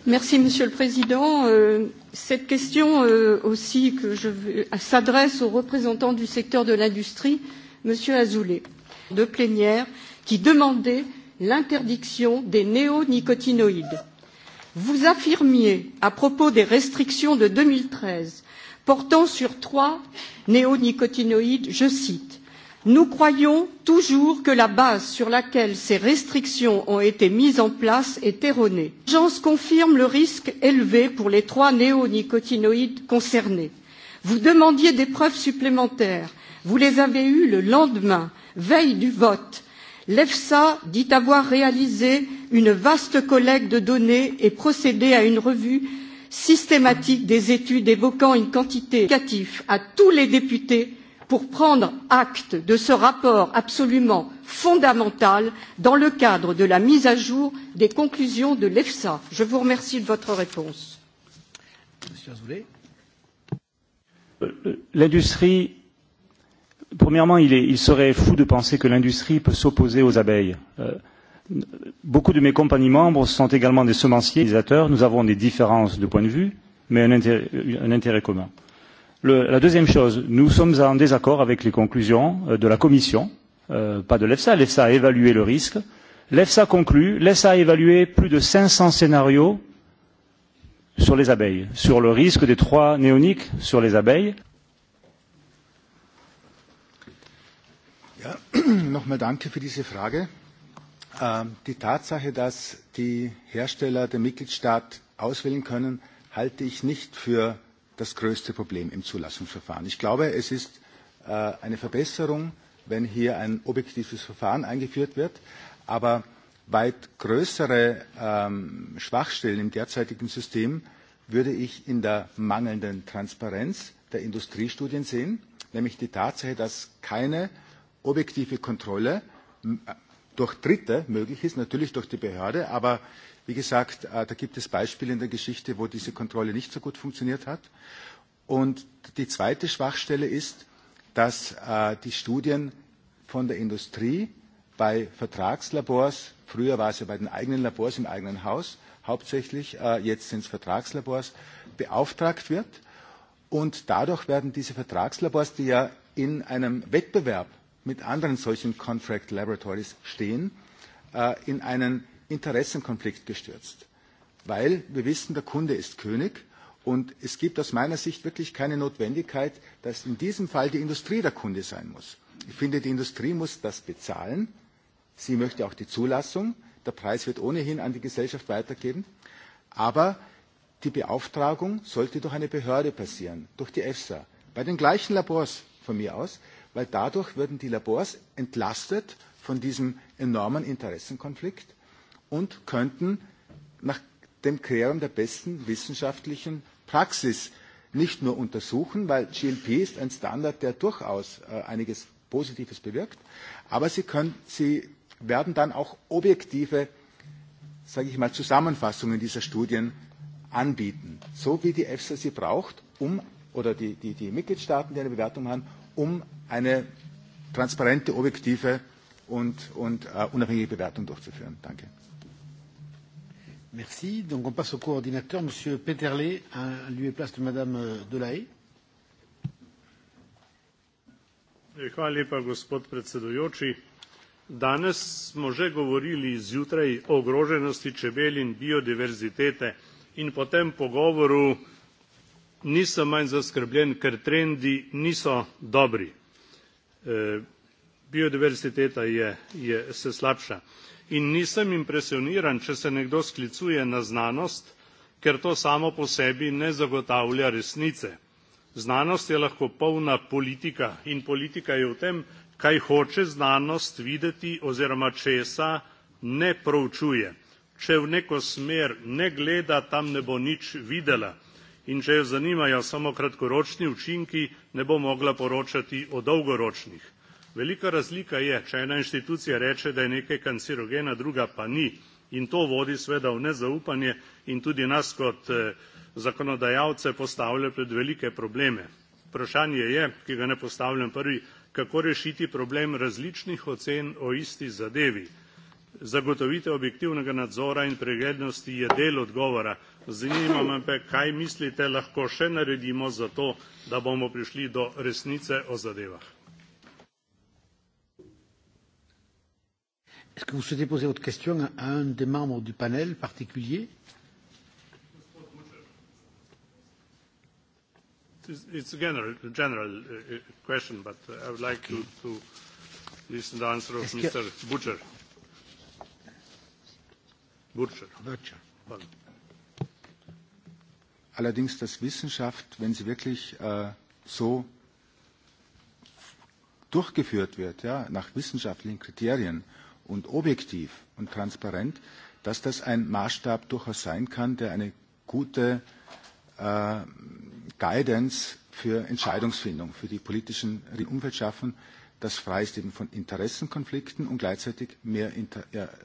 Merci, Monsieur le Président. Cette question aussi que je s'adresse aux représentants du secteur de l'industrie, Monsieur Azoulay, de plénière, qui demandait l'interdiction des néonicotinoïdes. Vous affirmiez, à propos des restrictions de 2013 portant sur trois néonicotinoïdes, je cite nous croyons toujours que la base sur laquelle ces restrictions ont été mises en place est erronée. l'agence confirme le risque élevé pour les trois néonicotinoïdes concernés. vous demandiez des preuves supplémentaires vous les avez eues le lendemain veille du vote. l'efsa dit avoir réalisé une vaste collecte de données et procédé à une revue systématique des études évoquant une quantité significative à tous les députés pour prendre acte de ce rapport absolument fondamental dans le cadre de la mise à jour des conclusions de l'efsa. je vous remercie de votre réponse. l'industrie premièrement il serait fou de penser que l'industrie peut s'opposer aux abeilles. beaucoup de mes compagnies membres sont également des semenciers utilisateurs nous avons des différences de point de vue mais un intérêt commun La deuxième chose, nous sommes en désaccord avec les conclusions de la Commission, pas de l'EFSA. L'EFSA a évalué le risque. L'EFSA conclut, l'EFSA a évalué plus de 500 scénarios sur les abeilles, sur le risque des trois néoniques sur les abeilles. Nochmal danke für diese Frage. Die Tatsache, dass die Hersteller der Mitgliedstaat auswählen können, halte ich nicht für das größte Problem im Zulassungsverfahren. Ich glaube, es ist eine Verbesserung, wenn hier ein objektives Verfahren eingeführt wird, aber weit größere Schwachstellen im derzeitigen System würde ich in der mangelnden Transparenz der Industriestudien sehen, nämlich die Tatsache, dass keine objektive Kontrolle durch Dritte möglich ist, natürlich durch die Behörde, aber Wie gesagt, da gibt es Beispiele in der Geschichte, wo diese Kontrolle nicht so gut funktioniert hat. Und die zweite Schwachstelle ist, dass die Studien von der Industrie bei Vertragslabors, früher war es ja bei den eigenen Labors im eigenen Haus, hauptsächlich jetzt sind es Vertragslabors, beauftragt wird. Und dadurch werden diese Vertragslabors, die ja in einem Wettbewerb mit anderen solchen Contract Laboratories stehen, in einen Interessenkonflikt gestürzt. Weil wir wissen, der Kunde ist König und es gibt aus meiner Sicht wirklich keine Notwendigkeit, dass in diesem Fall die Industrie der Kunde sein muss. Ich finde, die Industrie muss das bezahlen. Sie möchte auch die Zulassung. Der Preis wird ohnehin an die Gesellschaft weitergeben. Aber die Beauftragung sollte durch eine Behörde passieren, durch die EFSA, bei den gleichen Labors von mir aus, weil dadurch würden die Labors entlastet von diesem enormen Interessenkonflikt und könnten nach dem Klären der besten wissenschaftlichen Praxis nicht nur untersuchen, weil GLP ist ein Standard, der durchaus einiges Positives bewirkt, aber sie werden dann auch objektive, sage ich mal, Zusammenfassungen dieser Studien anbieten, so wie die EFSA sie braucht, um, oder die, die, die Mitgliedstaaten, die eine Bewertung haben, um eine transparente, objektive und, und unabhängige Bewertung durchzuführen. Danke. Merci. Donc on passe au coordinateur, Monsieur Peterle, à lui et place de Madame Delahaye. Hvala lepa, gospod predsedujoči. Danes smo že govorili zjutraj o ogroženosti čebel in biodiverzitete in po tem pogovoru nisem manj zaskrbljen, ker trendi niso dobri. Biodiverziteta je, je, se slabša in nisem impresioniran, če se nekdo sklicuje na znanost, ker to samo po sebi ne zagotavlja resnice. Znanost je lahko polna politika in politika je v tem, kaj hoče znanost videti oziroma česa ne proučuje. Če v neko smer ne gleda, tam ne bo nič videla in če jo zanimajo samo kratkoročni učinki, ne bo mogla poročati o dolgoročnih. Velika razlika je, če ena inštitucija reče, da je nekaj kancerogena, druga pa ni. In to vodi seveda v nezaupanje in tudi nas kot zakonodajalce postavlja pred velike probleme. Vprašanje je, ki ga ne postavljam prvi, kako rešiti problem različnih ocen o isti zadevi. Zagotovite objektivnega nadzora in preglednosti je del odgovora. Zanima me pa, kaj mislite, lahko še naredimo za to, da bomo prišli do resnice o zadevah. Est-ce que vous souhaitez poser votre question à un des membres du panel particulier It's a general question, but I would like to to listen to the answer of Mr. Butcher. Butcher. Allerdings, dass Wissenschaft, wenn sie wirklich äh, so durchgeführt wird, ja, nach wissenschaftlichen Kriterien, und objektiv und transparent, dass das ein Maßstab durchaus sein kann, der eine gute Guidance für Entscheidungsfindung, für die politischen Umwelt schaffen, das frei ist eben von Interessenkonflikten und gleichzeitig mehr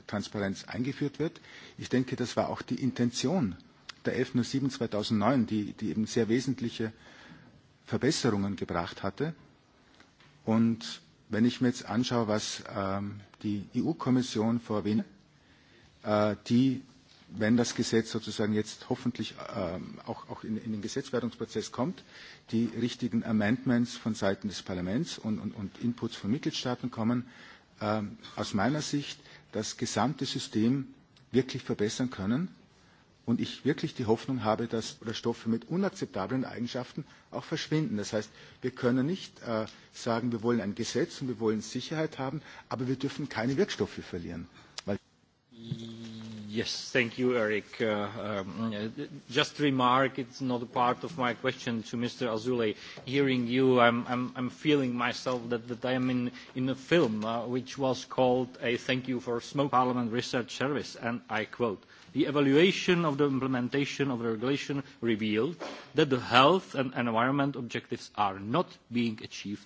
Transparenz eingeführt wird. Ich denke, das war auch die Intention der 1107 2009, die eben sehr wesentliche Verbesserungen gebracht hatte. Und wenn ich mir jetzt anschaue, was die EU-Kommission vor wenigen die, wenn das Gesetz sozusagen jetzt hoffentlich auch in den Gesetzwerdungsprozess kommt, die richtigen Amendments von Seiten des Parlaments und Inputs von Mitgliedstaaten kommen, aus meiner Sicht das gesamte System wirklich verbessern können und ich wirklich die Hoffnung habe, dass oder Stoffe mit unakzeptablen Eigenschaften auch verschwinden. Das heißt, wir können nicht sagen, wir wollen ein Gesetz und wir wollen Sicherheit haben, aber wir dürfen keine Wirkstoffe verlieren. Weil Yes, thank you, Eric. Just a remark, it's not a part of my question to Mr. Azule. Hearing you, I'm I'm, feeling myself that I am in a film which was called A Thank You for Smoke Parliament Research Service, and I quote the evaluation of the implementation of the regulation revealed that the health and environment objectives are not being achieved.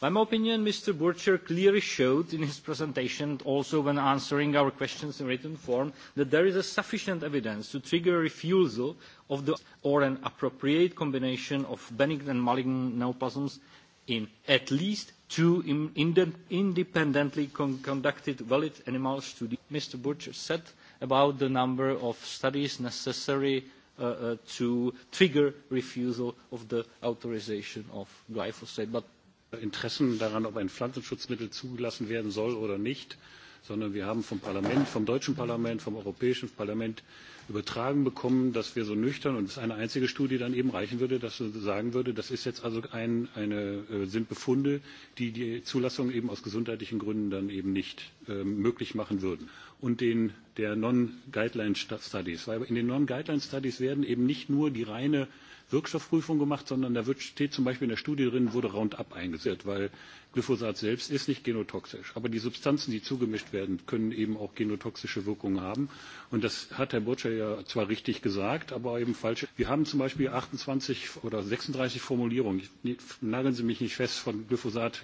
By my opinion, Mr. Burcher clearly showed in his presentation, also when answering our questions in written form, that there is sufficient evidence to trigger refusal of the or an appropriate combination of benign and malignant neoplasms in at least two independently conducted valid animal studies. Mr. Butcher said about the number of studies necessary to trigger refusal of the authorization of glyphosate. But Interessen daran, ob ein Pflanzenschutzmittel zugelassen werden soll oder nicht sondern wir haben vom Parlament, vom deutschen Parlament, vom Europäischen Parlament übertragen bekommen, dass wir so nüchtern und dass eine einzige Studie dann eben reichen würde, dass sagen würde, das ist jetzt also eine, sind Befunde, die die Zulassung eben aus gesundheitlichen Gründen dann eben nicht möglich machen würden. Und den, der Non-Guideline-Studies. Weil in den Non-Guideline-Studies werden eben nicht nur die reine Wirkstoffprüfung gemacht, sondern da steht zum Beispiel in der Studie drin, wurde Roundup eingesetzt, weil Glyphosat selbst ist nicht genotoxisch. Aber die Substanzen, die zugemischt werden, können eben auch genotoxische Wirkungen haben. Und das hat Herr Burcher ja zwar richtig gesagt, aber eben falsch. Wir haben zum Beispiel 28 oder 36 Formulierungen, nageln Sie mich nicht fest, von Glyphosat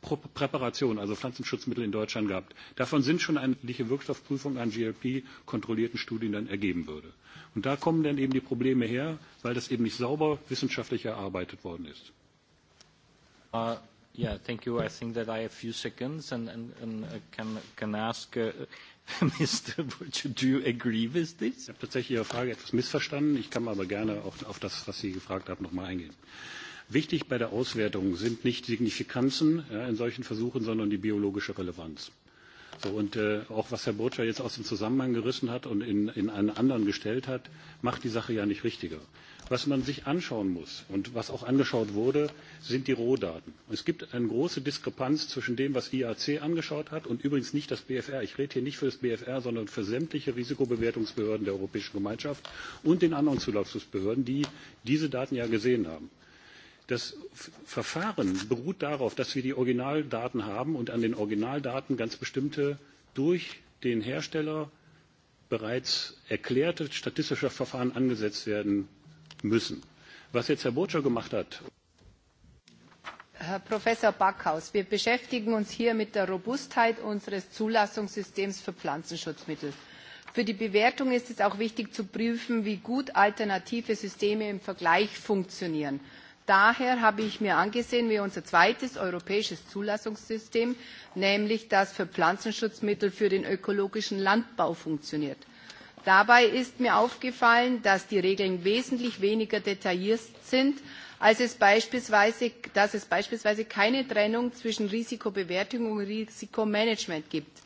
Präparation, also Pflanzenschutzmittel in Deutschland gehabt. Davon sind schon eine Wirkstoffprüfung an GLP-kontrollierten Studien dann ergeben würde. Und da kommen dann eben die Probleme her, weil das eben nicht sauber wissenschaftlich erarbeitet worden ist. thank you. I think that I have a few seconds and can ask Mr. Butch, do you agree with this? Ich habe tatsächlich Ihre Frage etwas missverstanden. Ich kann aber gerne auf das, was Sie gefragt haben, nochmal eingehen. Wichtig bei der Auswertung sind nicht Signifikanzen in solchen Versuchen, sondern die biologische Relevanz. Und auch was Herr Bocher jetzt aus dem Zusammenhang gerissen hat und in einen anderen gestellt hat, macht die Sache ja nicht richtiger. Was man sich anschauen muss und was auch angeschaut wurde, sind die Rohdaten. Es gibt eine große Diskrepanz zwischen dem, was IAC angeschaut hat und übrigens nicht das BFR. Ich rede hier nicht für das BFR, sondern für sämtliche Risikobewertungsbehörden der Europäischen Gemeinschaft und den anderen Zulassungsbehörden, die diese Daten ja gesehen haben. Das Verfahren beruht darauf, dass wir die Originaldaten haben und an den Originaldaten ganz bestimmte durch den Hersteller bereits erklärte statistische Verfahren angesetzt werden müssen. Was jetzt Herr Botscher gemacht hat. Herr Professor Backhaus, wir beschäftigen uns hier mit der Robustheit unseres Zulassungssystems für Pflanzenschutzmittel. Für die Bewertung ist es auch wichtig zu prüfen, wie gut alternative Systeme im Vergleich funktionieren daher habe ich mir angesehen, wie unser zweites europäisches Zulassungssystem, nämlich das für Pflanzenschutzmittel für den ökologischen Landbau, funktioniert. Dabei ist mir aufgefallen, dass die Regeln wesentlich weniger detailliert sind, als es beispielsweise, dass es beispielsweise keine Trennung zwischen Risikobewertung und Risikomanagement gibt.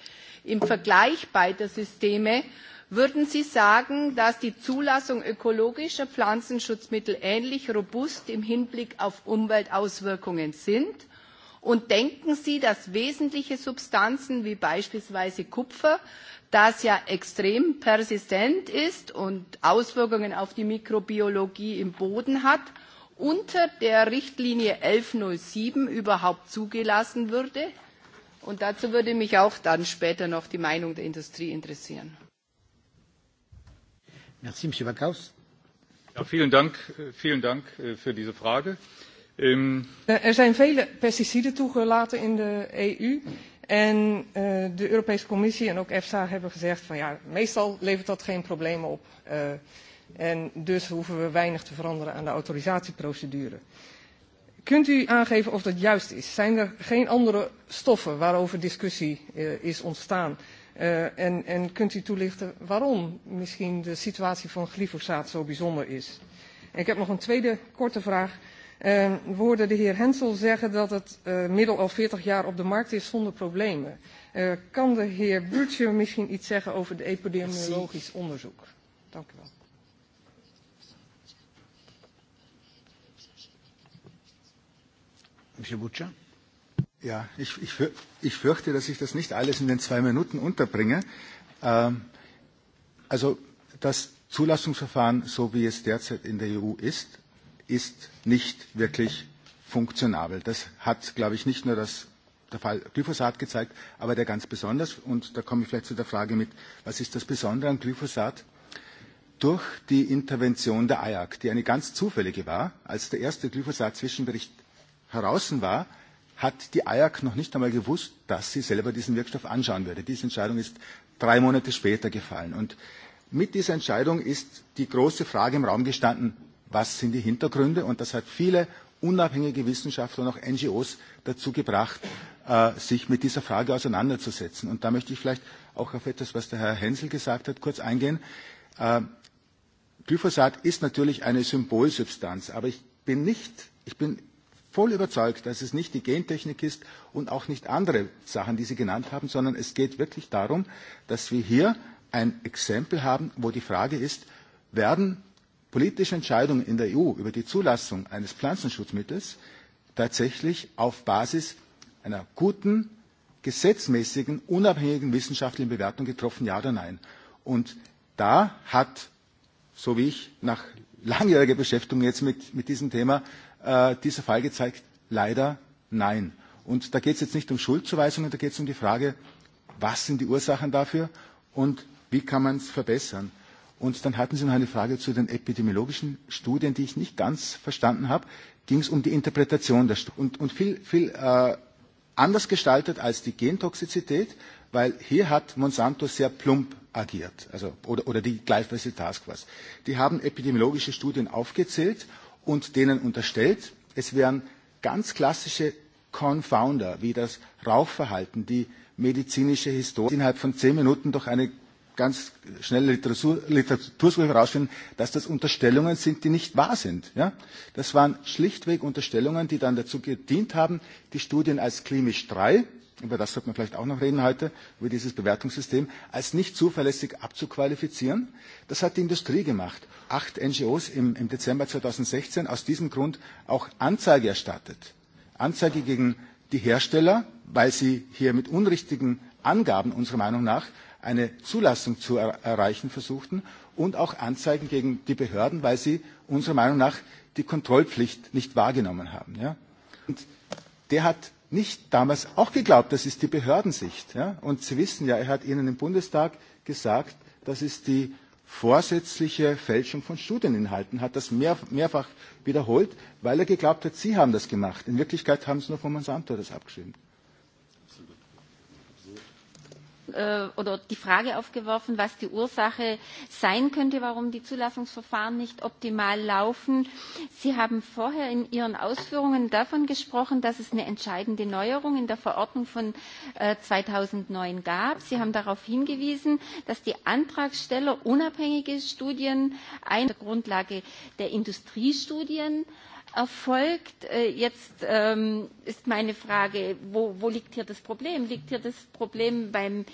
Im Vergleich beider Systeme Würden Sie sagen, dass die Zulassung ökologischer Pflanzenschutzmittel ähnlich robust im Hinblick auf Umweltauswirkungen sind? Und denken Sie, dass wesentliche Substanzen wie beispielsweise Kupfer, das ja extrem persistent ist und Auswirkungen auf die Mikrobiologie im Boden hat, unter der Richtlinie 1107 überhaupt zugelassen würde? Und dazu würde mich auch dann später noch die Meinung der Industrie interessieren. Monsieur Backhaus. vielen Dank, Er zijn vele pesticiden toegelaten in de EU. En de Europese Commissie en ook EFSA hebben gezegd van ja, meestal levert dat geen problemen op. En dus hoeven we weinig te veranderen aan de autorisatieprocedure. Kunt u aangeven of dat juist is? Zijn er geen andere stoffen waarover discussie is ontstaan? En kunt u toelichten waarom misschien de situatie van glyfosaat zo bijzonder is? Ik heb nog een tweede korte vraag. We hoorden de heer Hensel zeggen dat het middel al 40 jaar op de markt is zonder problemen. Kan de heer Burtje misschien iets zeggen over de epidemiologisch onderzoek? Dank u wel. Ja, ich, ich, ich fürchte, dass ich das nicht alles in den zwei Minuten unterbringe. also das Zulassungsverfahren, so wie es derzeit in der EU ist, ist nicht wirklich funktionabel. Das hat, glaube ich, nicht nur das, der Fall Glyphosat gezeigt, aber der ganz besonders. Und da komme ich vielleicht zu der Frage mit, was ist das Besondere an Glyphosat? Durch die Intervention der IAC, die eine ganz zufällige war, als der erste Glyphosat-Zwischenbericht heraus war, hat die IAC noch nicht einmal gewusst, dass sie selber diesen Wirkstoff anschauen würde. Diese Entscheidung ist drei Monate später gefallen. Und mit dieser Entscheidung ist die große Frage im Raum gestanden, was sind die Hintergründe? Und das hat viele unabhängige Wissenschaftler und auch NGOs dazu gebracht, sich mit dieser Frage auseinanderzusetzen. Und da möchte ich vielleicht auch auf etwas, was der Herr Hensel gesagt hat, kurz eingehen. Glyphosat ist natürlich eine Symbolsubstanz, aber ich bin nicht, ich bin voll überzeugt, dass es nicht die Gentechnik ist und auch nicht andere Sachen, die Sie genannt haben, sondern es geht wirklich darum, dass wir hier ein Exempel haben, wo die Frage ist, werden politische Entscheidungen in der EU über die Zulassung eines Pflanzenschutzmittels tatsächlich auf Basis einer guten, gesetzmäßigen, unabhängigen wissenschaftlichen Bewertung getroffen, ja oder nein. Und da hat, so wie ich nach langjähriger Beschäftigung jetzt mit diesem Thema, dieser Fall gezeigt, leider nein. Und da geht es jetzt nicht um Schuldzuweisungen, da geht es um die Frage, was sind die Ursachen dafür und wie kann man es verbessern. Und dann hatten Sie noch eine Frage zu den epidemiologischen Studien, die ich nicht ganz verstanden habe. Ging es um die Interpretation der Studien und viel anders gestaltet als die Gentoxizität, weil hier hat Monsanto sehr plump agiert, oder die gleichweise Force. Die haben epidemiologische Studien aufgezählt und denen unterstellt, es wären ganz klassische Confounder wie das Rauchverhalten, die medizinische Historie innerhalb von zehn Minuten durch eine ganz schnelle Literatursuche herausfinden, dass das Unterstellungen sind, die nicht wahr sind. Das waren schlichtweg Unterstellungen, die dann dazu gedient haben, die Studien als klinisch drei über das sollten wir vielleicht auch noch reden heute, über dieses Bewertungssystem, als nicht zuverlässig abzuqualifizieren. Das hat die Industrie gemacht. Acht NGOs im, im Dezember 2016 aus diesem Grund auch Anzeige erstattet. Anzeige gegen die Hersteller, weil sie hier mit unrichtigen Angaben unserer Meinung nach eine Zulassung zu erreichen versuchten und auch Anzeigen gegen die Behörden, weil sie unserer Meinung nach die Kontrollpflicht nicht wahrgenommen haben. Der hat nicht damals auch geglaubt, das ist die Behördensicht. Und Sie wissen ja, er hat Ihnen im Bundestag gesagt, das ist die vorsätzliche Fälschung von Studieninhalten hat, das mehrfach wiederholt, weil er geglaubt hat, Sie haben das gemacht. In Wirklichkeit haben es nur von Monsanto das abgeschrieben oder die Frage aufgeworfen, was die Ursache sein könnte, warum die Zulassungsverfahren nicht optimal laufen. Sie haben vorher in Ihren Ausführungen davon gesprochen, dass es eine entscheidende Neuerung in der Verordnung von 2009 gab. Sie haben darauf hingewiesen, dass die Antragsteller unabhängige Studien auf der Grundlage der Industriestudien erfolgt. Jetzt ist meine Frage, wo liegt hier das Problem? Liegt hier das Problem beim,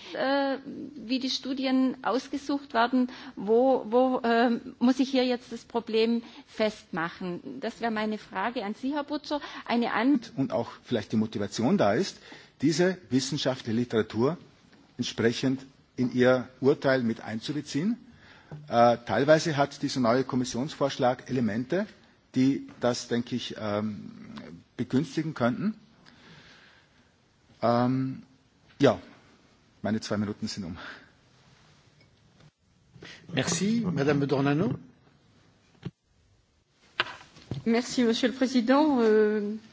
wie die Studien ausgesucht werden? Wo muss ich hier jetzt das Problem festmachen? Das wäre meine Frage an Sie, Herr Butcher. Eine Und auch vielleicht die Motivation da ist, diese wissenschaftliche Literatur entsprechend in ihr Urteil mit einzubeziehen. Teilweise hat dieser neue Kommissionsvorschlag Elemente, die das, denke ich, begünstigen könnten. Ja, meine zwei Minuten sind um. Merci. Madame Dornano. Merci, Monsieur le Président.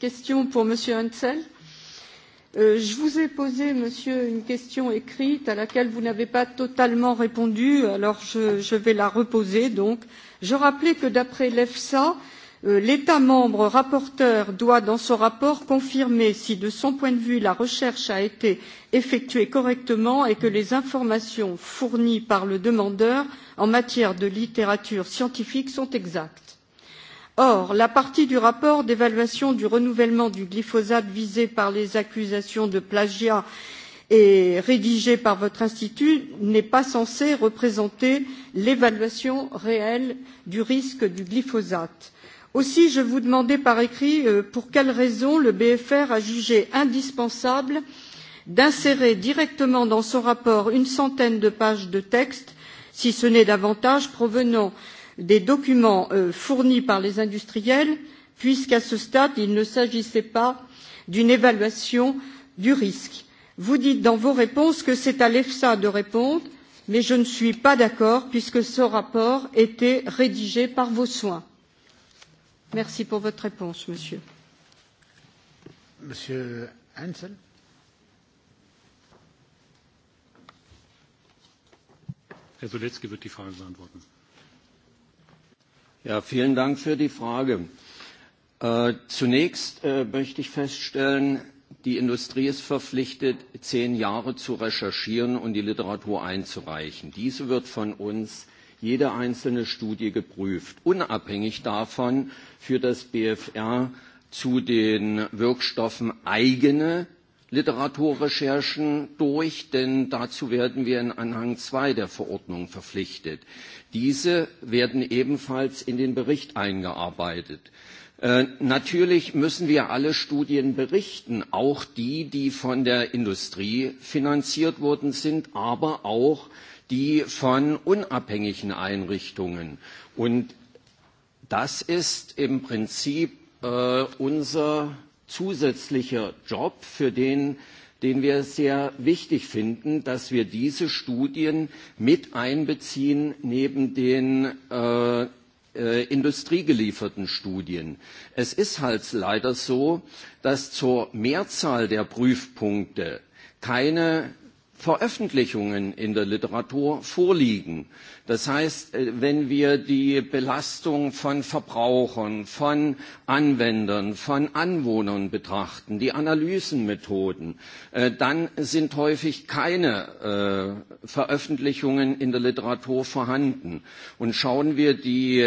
Question pour Monsieur Hansel. Je vous ai posé, Monsieur, une question écrite à laquelle vous n'avez pas totalement répondu, alors je vais la reposer. Donc, je rappelais que d'après l'EFSA, l'état membre rapporteur doit dans son rapport confirmer si de son point de vue la recherche a été effectuée correctement et que les informations fournies par le demandeur en matière de littérature scientifique sont exactes. or la partie du rapport d'évaluation du renouvellement du glyphosate visée par les accusations de plagiat et rédigée par votre institut n'est pas censée représenter l'évaluation réelle du risque du glyphosate aussi je vous demandais par écrit pour quelle raison le bfr a jugé indispensable d'insérer directement dans son rapport une centaine de pages de texte si ce n'est davantage provenant des documents fournis par les industriels puisqu'à ce stade il ne s'agissait pas d'une évaluation du risque. vous dites dans vos réponses que c'est à l'efsa de répondre mais je ne suis pas d'accord puisque ce rapport était rédigé par vos soins. Merci pour votre réponse, monsieur. Monsieur Hansel. Herr Soletzki wird die Frage beantworten. Ja, vielen Dank für die Frage. Zunächst möchte ich feststellen, die Industrie ist verpflichtet, zehn Jahre zu recherchieren und die Literatur einzureichen. Diese wird von uns jede einzelne Studie geprüft, unabhängig davon für das BFR zu den Wirkstoffen eigene Literaturrecherchen durch, denn dazu werden wir in Anhang 2 der Verordnung verpflichtet. Diese werden ebenfalls in den Bericht eingearbeitet. Natürlich müssen wir alle Studien berichten, auch die, die von der Industrie finanziert worden sind, aber auch die von unabhängigen Einrichtungen. Und das ist im Prinzip unser zusätzlicher Job, für den den wir sehr wichtig finden, dass wir diese Studien mit einbeziehen neben den industriegelieferten Studien. Es ist halt leider so, dass zur Mehrzahl der Prüfpunkte keine Veröffentlichungen in der Literatur vorliegen. Das heißt, wenn wir die Belastung von Verbrauchern, von Anwendern, von Anwohnern betrachten, die Analysenmethoden, dann sind häufig keine Veröffentlichungen in der Literatur vorhanden. Und schauen wir die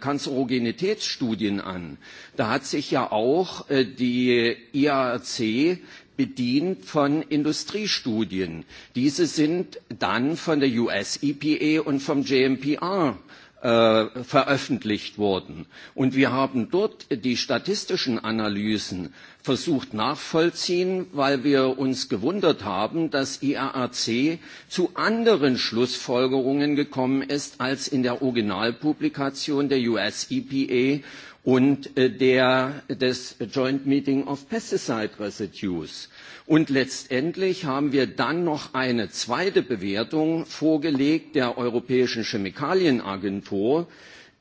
Kanzerogenitätsstudien an, da hat sich ja auch die IARC bedient von Industriestudien. Diese sind dann von der US EPA und vom JMPR veröffentlicht worden. Und wir haben dort die statistischen Analysen versucht nachvollziehen, weil wir uns gewundert haben, dass IAAC zu anderen Schlussfolgerungen gekommen ist als in der Originalpublikation der US EPA und des Joint Meeting of Pesticide Residues. Und letztendlich haben wir dann noch eine zweite Bewertung vorgelegt der Europäischen Chemikalienagentur.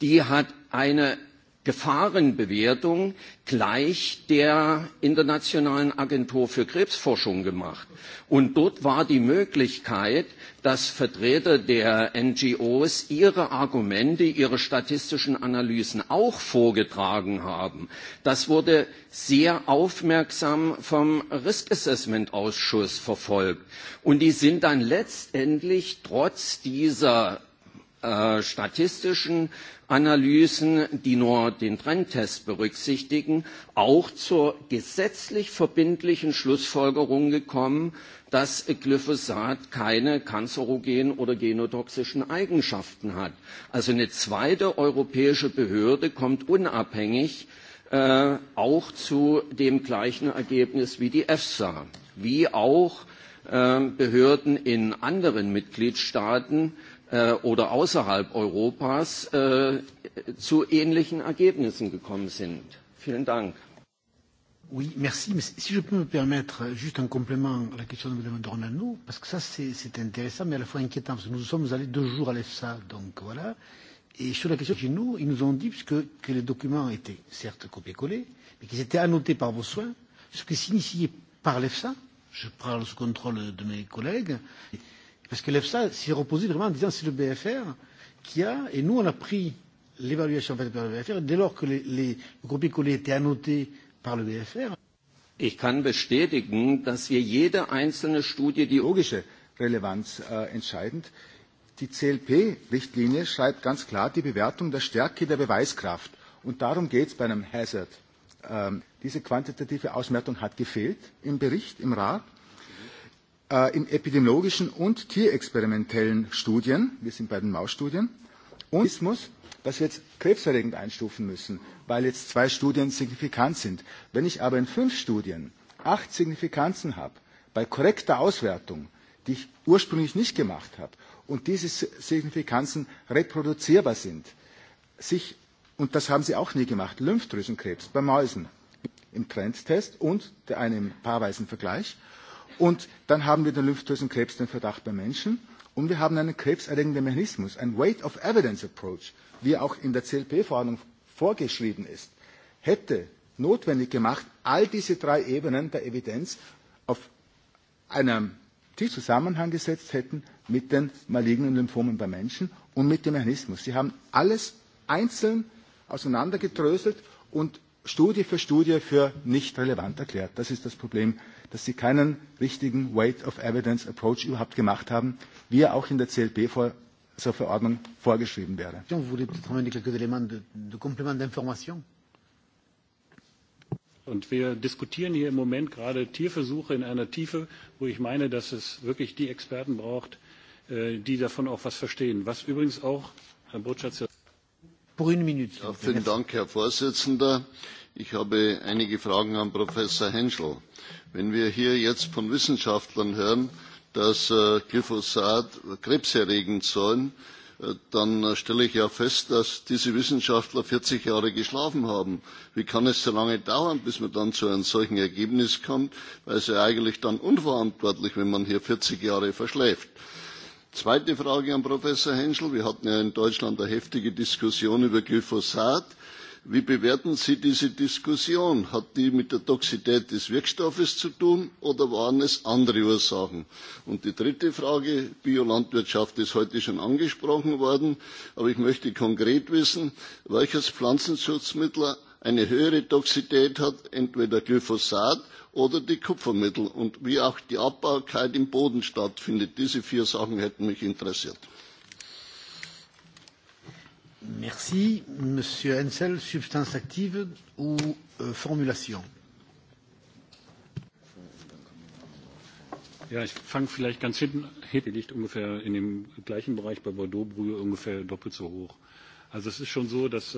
Die hat eine Gefahrenbewertung gleich der Internationalen Agentur für Krebsforschung gemacht. Und dort war die Möglichkeit, dass Vertreter der NGOs ihre Argumente, ihre statistischen Analysen auch vorgetragen haben. Das wurde sehr aufmerksam vom Risk Assessment Ausschuss verfolgt. Und die sind dann letztendlich trotz dieser statistischen Analysen, die nur den Trendtest berücksichtigen, auch zur gesetzlich verbindlichen Schlussfolgerung gekommen, dass Glyphosat keine kanzerogenen oder genotoxischen Eigenschaften hat. Also eine zweite europäische Behörde kommt unabhängig auch zu dem gleichen Ergebnis wie die EFSA, wie auch Behörden in anderen Mitgliedstaaten oder außerhalb Europas zu ähnlichen Ergebnissen gekommen sind. Vielen Dank. Oui, merci. si je peux me permettre juste un complément à la question de Mme Dornano, parce que ça c'est intéressant mais à la fois inquiétant, parce que nous sommes allés deux jours à l'EFSA, donc voilà. Et sur la question chez nous, ils nous ont dit, puisque que les documents étaient certes copiés-collés, mais qu'ils étaient annotés par vos soins, ce qui s'initiait par l'EFSA, je parle sous contrôle de mes collègues, Parce que l'EFSA s'est reposé vraiment en disant c'est le BFR qui a, et nous on a pris l'évaluation faite par le BFR, dès lors que les, les copier-coller était annoté par le BFR. Ich kann bestätigen, dass wir jede einzelne Studie, die logische Relevanz entscheidend, die CLP-Richtlinie schreibt ganz klar die Bewertung der Stärke der Beweiskraft. Und darum geht es bei einem Hazard. Diese quantitative Auswertung hat gefehlt im Bericht, im Rat in epidemiologischen und tierexperimentellen Studien, wir sind bei den Mausstudien, und dass wir jetzt krebserregend einstufen müssen, weil jetzt zwei Studien signifikant sind. Wenn ich aber in fünf Studien acht Signifikanzen habe, bei korrekter Auswertung, die ich ursprünglich nicht gemacht habe, und diese Signifikanzen reproduzierbar sind, sich, und das haben sie auch nie gemacht, Lymphdrüsenkrebs bei Mäusen im Trendtest und der einem paarweisen Vergleich Und dann haben wir den Lymphdrüsenkrebs, den Verdacht bei Menschen. Und wir haben einen krebserregenden Mechanismus, ein Weight of Evidence Approach, wie auch in der CLP-Verordnung vorgeschrieben ist, hätte notwendig gemacht, all diese drei Ebenen der Evidenz auf einem die Zusammenhang gesetzt hätten mit den malignen Lymphomen bei Menschen und mit dem Mechanismus. Sie haben alles einzeln auseinandergedröselt und Studie für Studie für nicht relevant erklärt. Das ist das Problem dass sie keinen richtigen Weight of Evidence Approach überhaupt gemacht haben, wie er auch in der CLP zur Verordnung vorgeschrieben wäre. Und wir diskutieren hier im Moment gerade Tierversuche in einer Tiefe, wo ich meine, dass es wirklich die Experten braucht, die davon auch was verstehen. Was übrigens auch, Herr Botschafter. Vielen Dank, Herr Vorsitzender. Ich habe einige Fragen an Professor Henschel. Wenn wir hier jetzt von Wissenschaftlern hören, dass Glyphosat krebserregend sein dann stelle ich ja fest, dass diese Wissenschaftler 40 Jahre geschlafen haben. Wie kann es so lange dauern, bis man dann zu einem solchen Ergebnis kommt? Weil es ja eigentlich dann unverantwortlich, wenn man hier 40 Jahre verschläft. Zweite Frage an Professor Henschel. Wir hatten ja in Deutschland eine heftige Diskussion über Glyphosat. Wie bewerten Sie diese Diskussion? Hat die mit der Toxität des Wirkstoffes zu tun oder waren es andere Ursachen? Und die dritte Frage, Biolandwirtschaft ist heute schon angesprochen worden, aber ich möchte konkret wissen, welches Pflanzenschutzmittel eine höhere Toxität hat, entweder Glyphosat oder die Kupfermittel und wie auch die Abbaukeit im Boden stattfindet. Diese vier Sachen hätten mich interessiert. Merci. Monsieur Hensel, formulation? Ja, ich fange vielleicht ganz hinten. Die liegt ungefähr in dem gleichen Bereich bei Bordeaux-Brühe ungefähr doppelt so hoch. Also es ist schon so, dass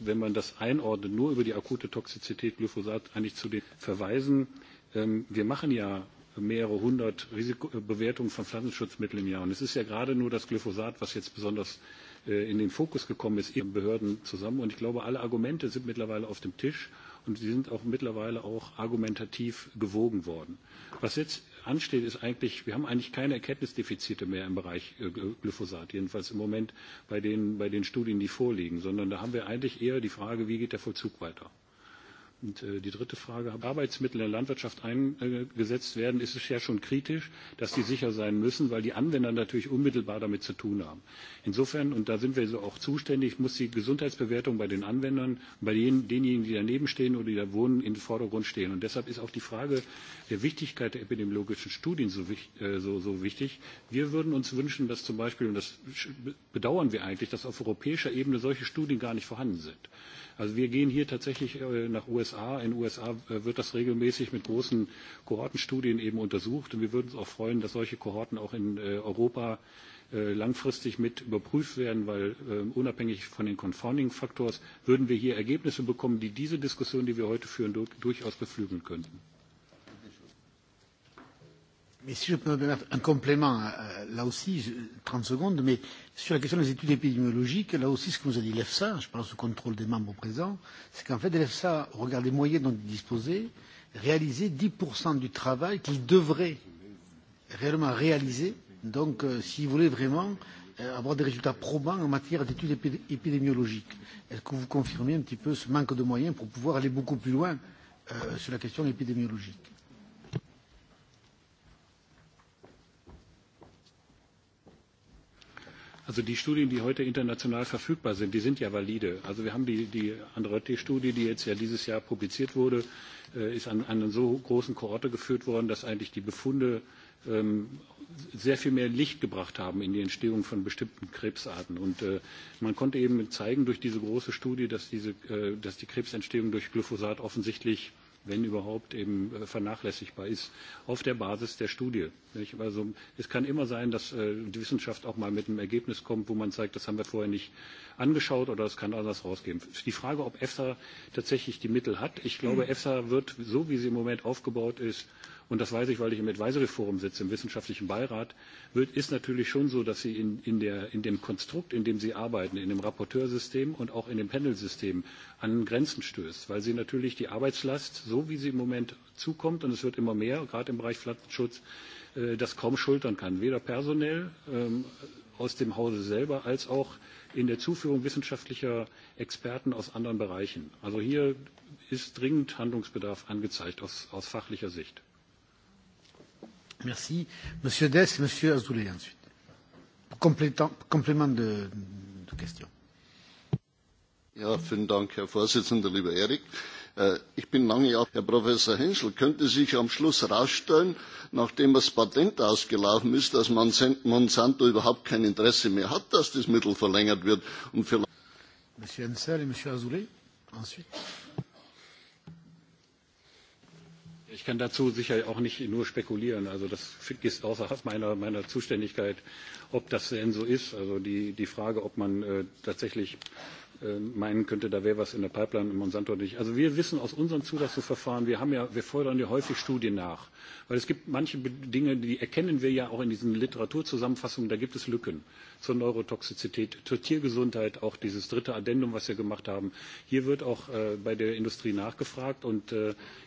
wenn man das einordnet, nur über die akute Toxizität Glyphosat eigentlich zu den Verweisen, wir machen ja mehrere hundert Risikobewertungen von Pflanzenschutzmitteln im Jahr. Und es ist ja gerade nur das Glyphosat, was jetzt besonders in den Fokus gekommen ist, eben Behörden zusammen. Und ich glaube, alle Argumente sind mittlerweile auf dem Tisch und sie sind auch mittlerweile auch argumentativ gewogen worden. Was jetzt ansteht, ist eigentlich, wir haben eigentlich keine Erkenntnisdefizite mehr im Bereich Glyphosat, jedenfalls im Moment bei den Studien, die vorliegen, sondern da haben wir eigentlich eher die Frage, wie geht der Vollzug weiter. Und die dritte Frage, Arbeitsmittel in der Landwirtschaft eingesetzt werden, ist es ja schon kritisch, dass die sicher sein müssen, weil die Anwender natürlich unmittelbar damit zu tun haben. Insofern, und da sind wir so auch zuständig, muss die Gesundheitsbewertung bei den Anwendern, bei denjenigen, die daneben stehen oder die da wohnen, in den Vordergrund stehen. Und deshalb ist auch die Frage der Wichtigkeit der epidemiologischen Studien so wichtig. Wir würden uns wünschen, dass zum Beispiel, und das bedauern wir eigentlich, dass auf europäischer Ebene solche Studien gar nicht vorhanden sind Also wir gehen hier tatsächlich nach USA. In USA wird das regelmäßig mit großen Kohortenstudien eben untersucht. Und wir würden uns auch freuen, dass solche Kohorten auch in Europa langfristig mit überprüft werden, weil unabhängig von den Confounding Factors würden wir hier Ergebnisse bekommen, die diese Diskussion, die wir heute führen, durchaus beflügeln könnten. Mais si je peux me permettre un complément, là aussi, 30 secondes, mais sur la question des études épidémiologiques, là aussi, ce que nous a dit l'EFSA, je pense au contrôle des membres présents, c'est qu'en fait, l'EFSA, au regard des moyens dont il disposait, réalisait 10% du travail qu'il devrait réellement réaliser. Donc, s'il voulait vraiment avoir des résultats probants en matière d'études épidémiologiques, est-ce que vous confirmez un petit peu ce manque de moyens pour pouvoir aller beaucoup plus loin sur la question épidémiologique Also die Studien, die heute international verfügbar sind, die sind ja valide. Also wir haben die, die Andretti-Studie, die jetzt ja dieses Jahr publiziert wurde, ist an einer so großen Kohorte geführt worden, dass eigentlich die Befunde sehr viel mehr Licht gebracht haben in die Entstehung von bestimmten Krebsarten. Und man konnte eben zeigen durch diese große Studie, dass, diese, dass die Krebsentstehung durch Glyphosat offensichtlich wenn überhaupt, eben vernachlässigbar ist, auf der Basis der Studie. Also es kann immer sein, dass die Wissenschaft auch mal mit einem Ergebnis kommt, wo man zeigt, das haben wir vorher nicht angeschaut oder es kann anders rausgehen. Die Frage, ob EFSA tatsächlich die Mittel hat, ich glaube, EFSA wird, so wie sie im Moment aufgebaut ist, und das weiß ich, weil ich im Advisory Forum sitze, im wissenschaftlichen Beirat, wird, ist natürlich schon so, dass Sie in dem Konstrukt, in dem Sie arbeiten, in dem Rapporteursystem und auch in dem Panelsystem an Grenzen stößt, weil Sie natürlich die Arbeitslast, so wie sie im Moment zukommt, und es wird immer mehr, gerade im Bereich Pflanzenschutz, das kaum schultern kann, weder personell aus dem Hause selber als auch in der Zuführung wissenschaftlicher Experten aus anderen Bereichen. Also hier ist dringend Handlungsbedarf angezeigt aus fachlicher Sicht. Merci. Monsieur Dess Monsieur Azoulay ensuite. Complément de, de question. Ja, vielen Dank, Herr Vorsitzender, lieber Erik. Ich bin lange Jahre Herr Professor Henschel könnte sich am Schluss herausstellen, nachdem das Patent ausgelaufen ist, dass Monsanto überhaupt kein Interesse mehr hat, dass das Mittel verlängert wird. Und Monsieur Monsieur Azoulay, ensuite. Ich kann dazu sicher auch nicht nur spekulieren. Also das ist außerhalb meiner, meiner Zuständigkeit, ob das denn so ist. Also die, die Frage, ob man tatsächlich meinen könnte, da wäre was in der Pipeline im Monsanto nicht. Also wir wissen aus unseren Zulassungsverfahren, wir, haben ja, wir fordern ja häufig Studien nach. Weil es gibt manche Dinge, die erkennen wir ja auch in diesen Literaturzusammenfassungen, da gibt es Lücken zur Neurotoxizität, zur Tiergesundheit, auch dieses dritte Addendum, was wir gemacht haben. Hier wird auch bei der Industrie nachgefragt und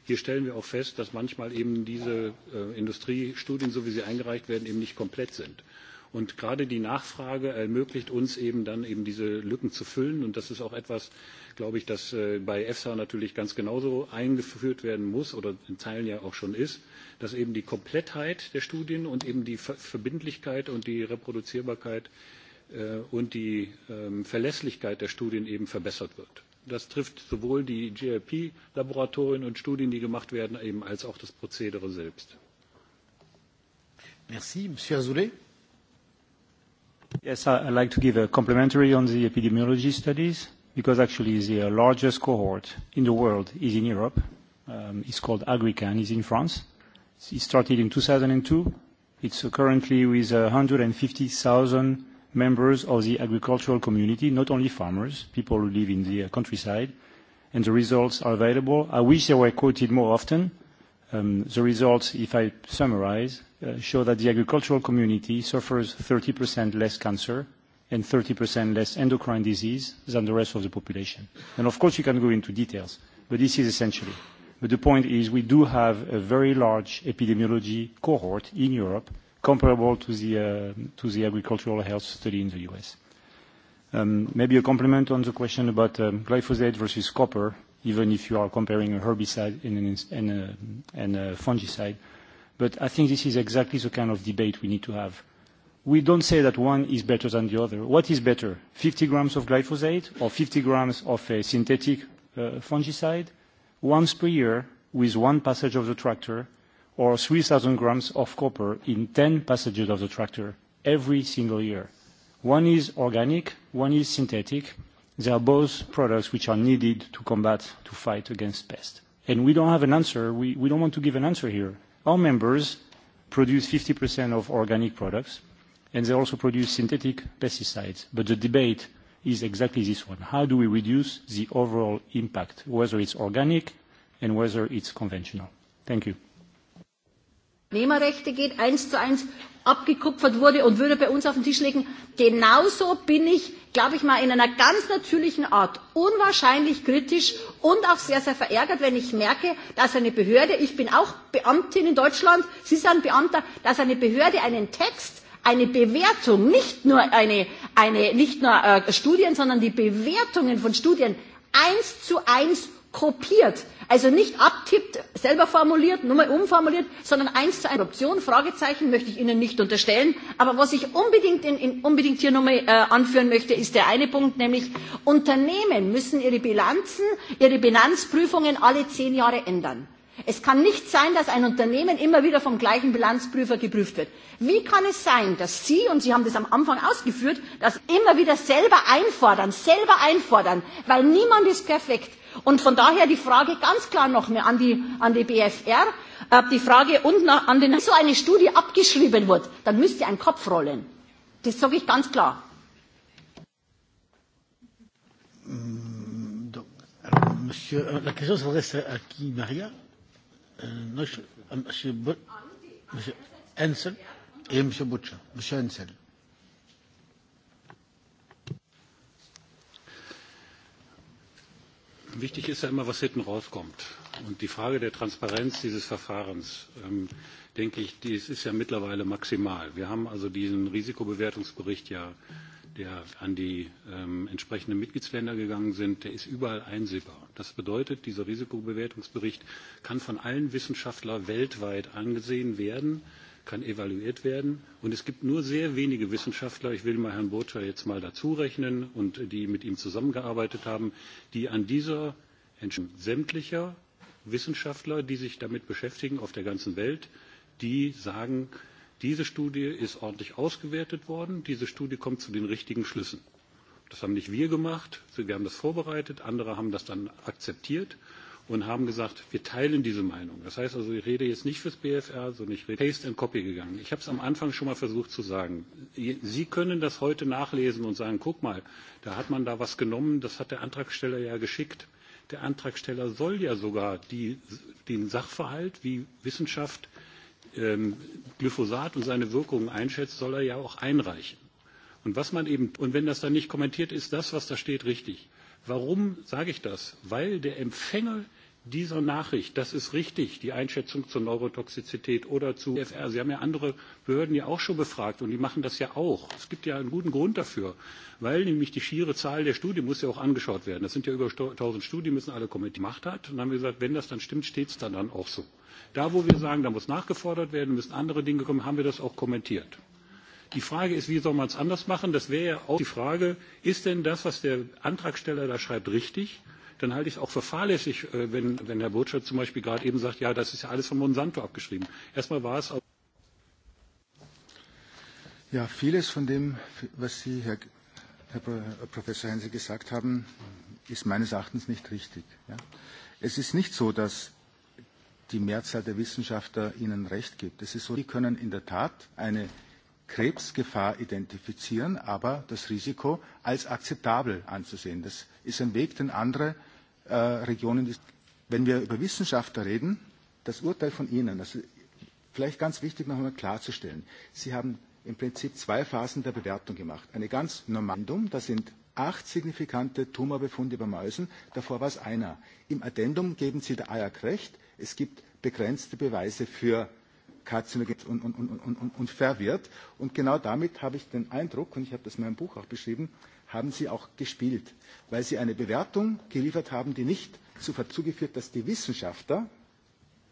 hier stellen wir auch fest, dass manchmal eben diese Industriestudien, so wie sie eingereicht werden, eben nicht komplett sind. Und gerade die Nachfrage ermöglicht uns eben dann eben diese Lücken zu füllen. Und das ist auch etwas, glaube ich, das bei EFSA natürlich ganz genauso eingeführt werden muss oder in Teilen ja auch schon ist, dass eben die Komplettheit der Studien und eben die Verbindlichkeit und die Reproduzierbarkeit und die Verlässlichkeit der Studien eben verbessert wird. Das trifft sowohl die GLP-Laboratorien und Studien, die gemacht werden, eben als auch das Prozedere selbst. Yes, I'd like to give a complimentary on the epidemiology studies, because actually the largest cohort in the world is in Europe. It's called AGRICAN, is in France. It started in 2002. It's currently with 150,000 members of the agricultural community, not only farmers, people who live in the countryside, and the results are available. I wish they were quoted more often The results, if I summarize, show that the agricultural community suffers 30% less cancer and 30% less endocrine disease than the rest of the population. And of course, you can go into details, but this is essentially. But the point is we do have a very large epidemiology cohort in Europe comparable to the agricultural health study in the U.S. Maybe a compliment on the question about glyphosate versus copper even if you are comparing a herbicide and a fungicide. But I think this is exactly the kind of debate we need to have. We don't say that one is better than the other. What is better, 50 grams of glyphosate or 50 grams of a synthetic fungicide once per year with one passage of the tractor or 3,000 grams of copper in 10 passages of the tractor every single year? One is organic, one is synthetic. They are both products which are needed to combat, to fight against pests. And we don't have an answer. We don't want to give an answer here. Our members produce 50% of organic products, and they also produce synthetic pesticides. But the debate is exactly this one. How do we reduce the overall impact, whether it's organic and whether it's conventional? Thank you. Nehmerrechte geht, eins zu eins abgekupfert wurde und würde bei uns auf den Tisch legen. Genauso bin ich, glaube ich mal, in einer ganz natürlichen Art unwahrscheinlich kritisch und auch sehr, sehr verärgert, wenn ich merke, dass eine Behörde, ich bin auch Beamtin in Deutschland, Sie sind Beamter, dass eine Behörde einen Text, eine Bewertung, nicht nur, eine, nicht nur Studien, sondern die Bewertungen von Studien eins zu eins kopiert, also nicht abtippt, selber formuliert, nur mal umformuliert, sondern eins zu eins. Option, Fragezeichen möchte ich Ihnen nicht unterstellen. Aber was ich unbedingt, in, unbedingt hier nochmal anführen möchte, ist der eine Punkt, nämlich Unternehmen müssen ihre Bilanzen, ihre Bilanzprüfungen alle zehn Jahre ändern. Es kann nicht sein, dass ein Unternehmen immer wieder vom gleichen Bilanzprüfer geprüft wird. Wie kann es sein, dass Sie, und Sie haben das am Anfang ausgeführt, das immer wieder selber einfordern, selber einfordern, weil niemand ist perfekt. Und von daher die Frage ganz klar noch mehr an die, an die BFR, die Frage und an den, wenn so eine Studie abgeschrieben wird, dann müsste ein Kopf rollen. Das sage ich ganz klar. Monsieur, la question s'adresse à qui, Maria Monsieur Ansel et Monsieur Butcher. Monsieur Ansel. Wichtig ist ja immer, was hinten rauskommt. Und die Frage der Transparenz dieses Verfahrens, denke ich, ist ja mittlerweile maximal. Wir haben also diesen Risikobewertungsbericht der an die entsprechenden Mitgliedsländer gegangen sind, der ist überall einsehbar. Das bedeutet, dieser Risikobewertungsbericht kann von allen Wissenschaftlern weltweit angesehen werden kann evaluiert werden. Und es gibt nur sehr wenige Wissenschaftler, ich will mal Herrn Botscher jetzt mal dazu rechnen und die mit ihm zusammengearbeitet haben, die an dieser sämtlicher Wissenschaftler, die sich damit beschäftigen auf der ganzen Welt, die sagen, diese Studie ist ordentlich ausgewertet worden, diese Studie kommt zu den richtigen Schlüssen. Das haben nicht wir gemacht, wir haben das vorbereitet, andere haben das dann akzeptiert und haben gesagt, wir teilen diese Meinung. Das heißt also, ich rede jetzt nicht fürs BFR, sondern ich rede Paste and Copy gegangen. Ich habe es am Anfang schon mal versucht zu sagen. Sie können das heute nachlesen und sagen, guck mal, da hat man da was genommen, das hat der Antragsteller ja geschickt. Der Antragsteller soll ja sogar die den Sachverhalt, wie Wissenschaft Glyphosat und seine Wirkungen einschätzt, soll er ja auch einreichen. Und was man eben, und wenn das dann nicht kommentiert ist, das, was da steht, richtig. Warum sage ich das? Weil der Empfänger dieser Nachricht, das ist richtig, die Einschätzung zur Neurotoxizität oder zu FR. Sie haben ja andere Behörden ja auch schon befragt und die machen das ja auch. Es gibt ja einen guten Grund dafür, weil nämlich die schiere Zahl der Studien muss ja auch angeschaut werden. Das sind ja über tausend Studien, müssen alle die gemacht hat. Und dann haben wir gesagt, wenn das dann stimmt, steht es dann, dann auch so. Da, wo wir sagen, da muss nachgefordert werden, müssen andere Dinge kommen, haben wir das auch kommentiert. Die Frage ist, wie soll man es anders machen? Das wäre ja auch die Frage, ist denn das, was der Antragsteller da schreibt, richtig? dann halte ich es auch für fahrlässig, wenn, wenn Herr Butcher zum Beispiel gerade eben sagt, ja, das ist ja alles von Monsanto abgeschrieben. Erstmal war es. Ja, vieles von dem, was Sie, Herr, Herr Professor Hense, gesagt haben, ist meines Erachtens nicht richtig. Es ist nicht so, dass die Mehrzahl der Wissenschaftler Ihnen recht gibt. Es ist so, die können in der Tat eine Krebsgefahr identifizieren, aber das Risiko als akzeptabel anzusehen. Das ist ein Weg, den andere Regionen. Wenn wir über Wissenschaftler reden, das Urteil von Ihnen, das ist vielleicht ganz wichtig noch einmal klarzustellen. Sie haben im Prinzip zwei Phasen der Bewertung gemacht. Eine ganz normale, da sind acht signifikante Tumorbefunde bei Mäusen, davor war es einer. Im Addendum geben Sie der AJAC recht, es gibt begrenzte Beweise für karzinogen und, und, und, und, und Und genau damit habe ich den Eindruck, und ich habe das in meinem Buch auch beschrieben, haben sie auch gespielt, weil sie eine Bewertung geliefert haben, die nicht zu verzugeführt, dass die Wissenschaftler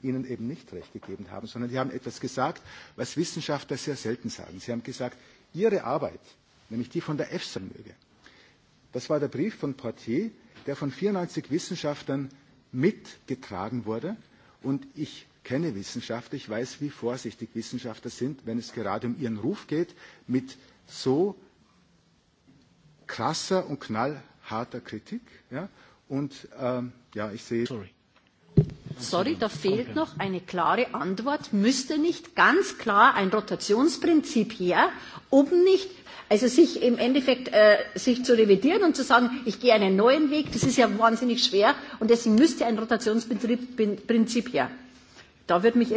ihnen eben nicht recht gegeben haben, sondern sie haben etwas gesagt, was Wissenschaftler sehr selten sagen. Sie haben gesagt, ihre Arbeit, nämlich die von der EFSA möge, das war der Brief von Portier, der von 94 Wissenschaftlern mitgetragen wurde. Und ich kenne Wissenschaft, ich weiß, wie vorsichtig Wissenschaftler sind, wenn es gerade um ihren Ruf geht, mit so krasser und knallharter Kritik. Und ja, ich sehe. Sorry, da fehlt noch eine klare Antwort. Müsste nicht ganz klar ein Rotationsprinzip her, um nicht also sich im Endeffekt sich zu revidieren und zu sagen, ich gehe einen neuen Weg, das ist ja wahnsinnig schwer und deswegen müsste ein Rotationsprinzip her. Da wird mich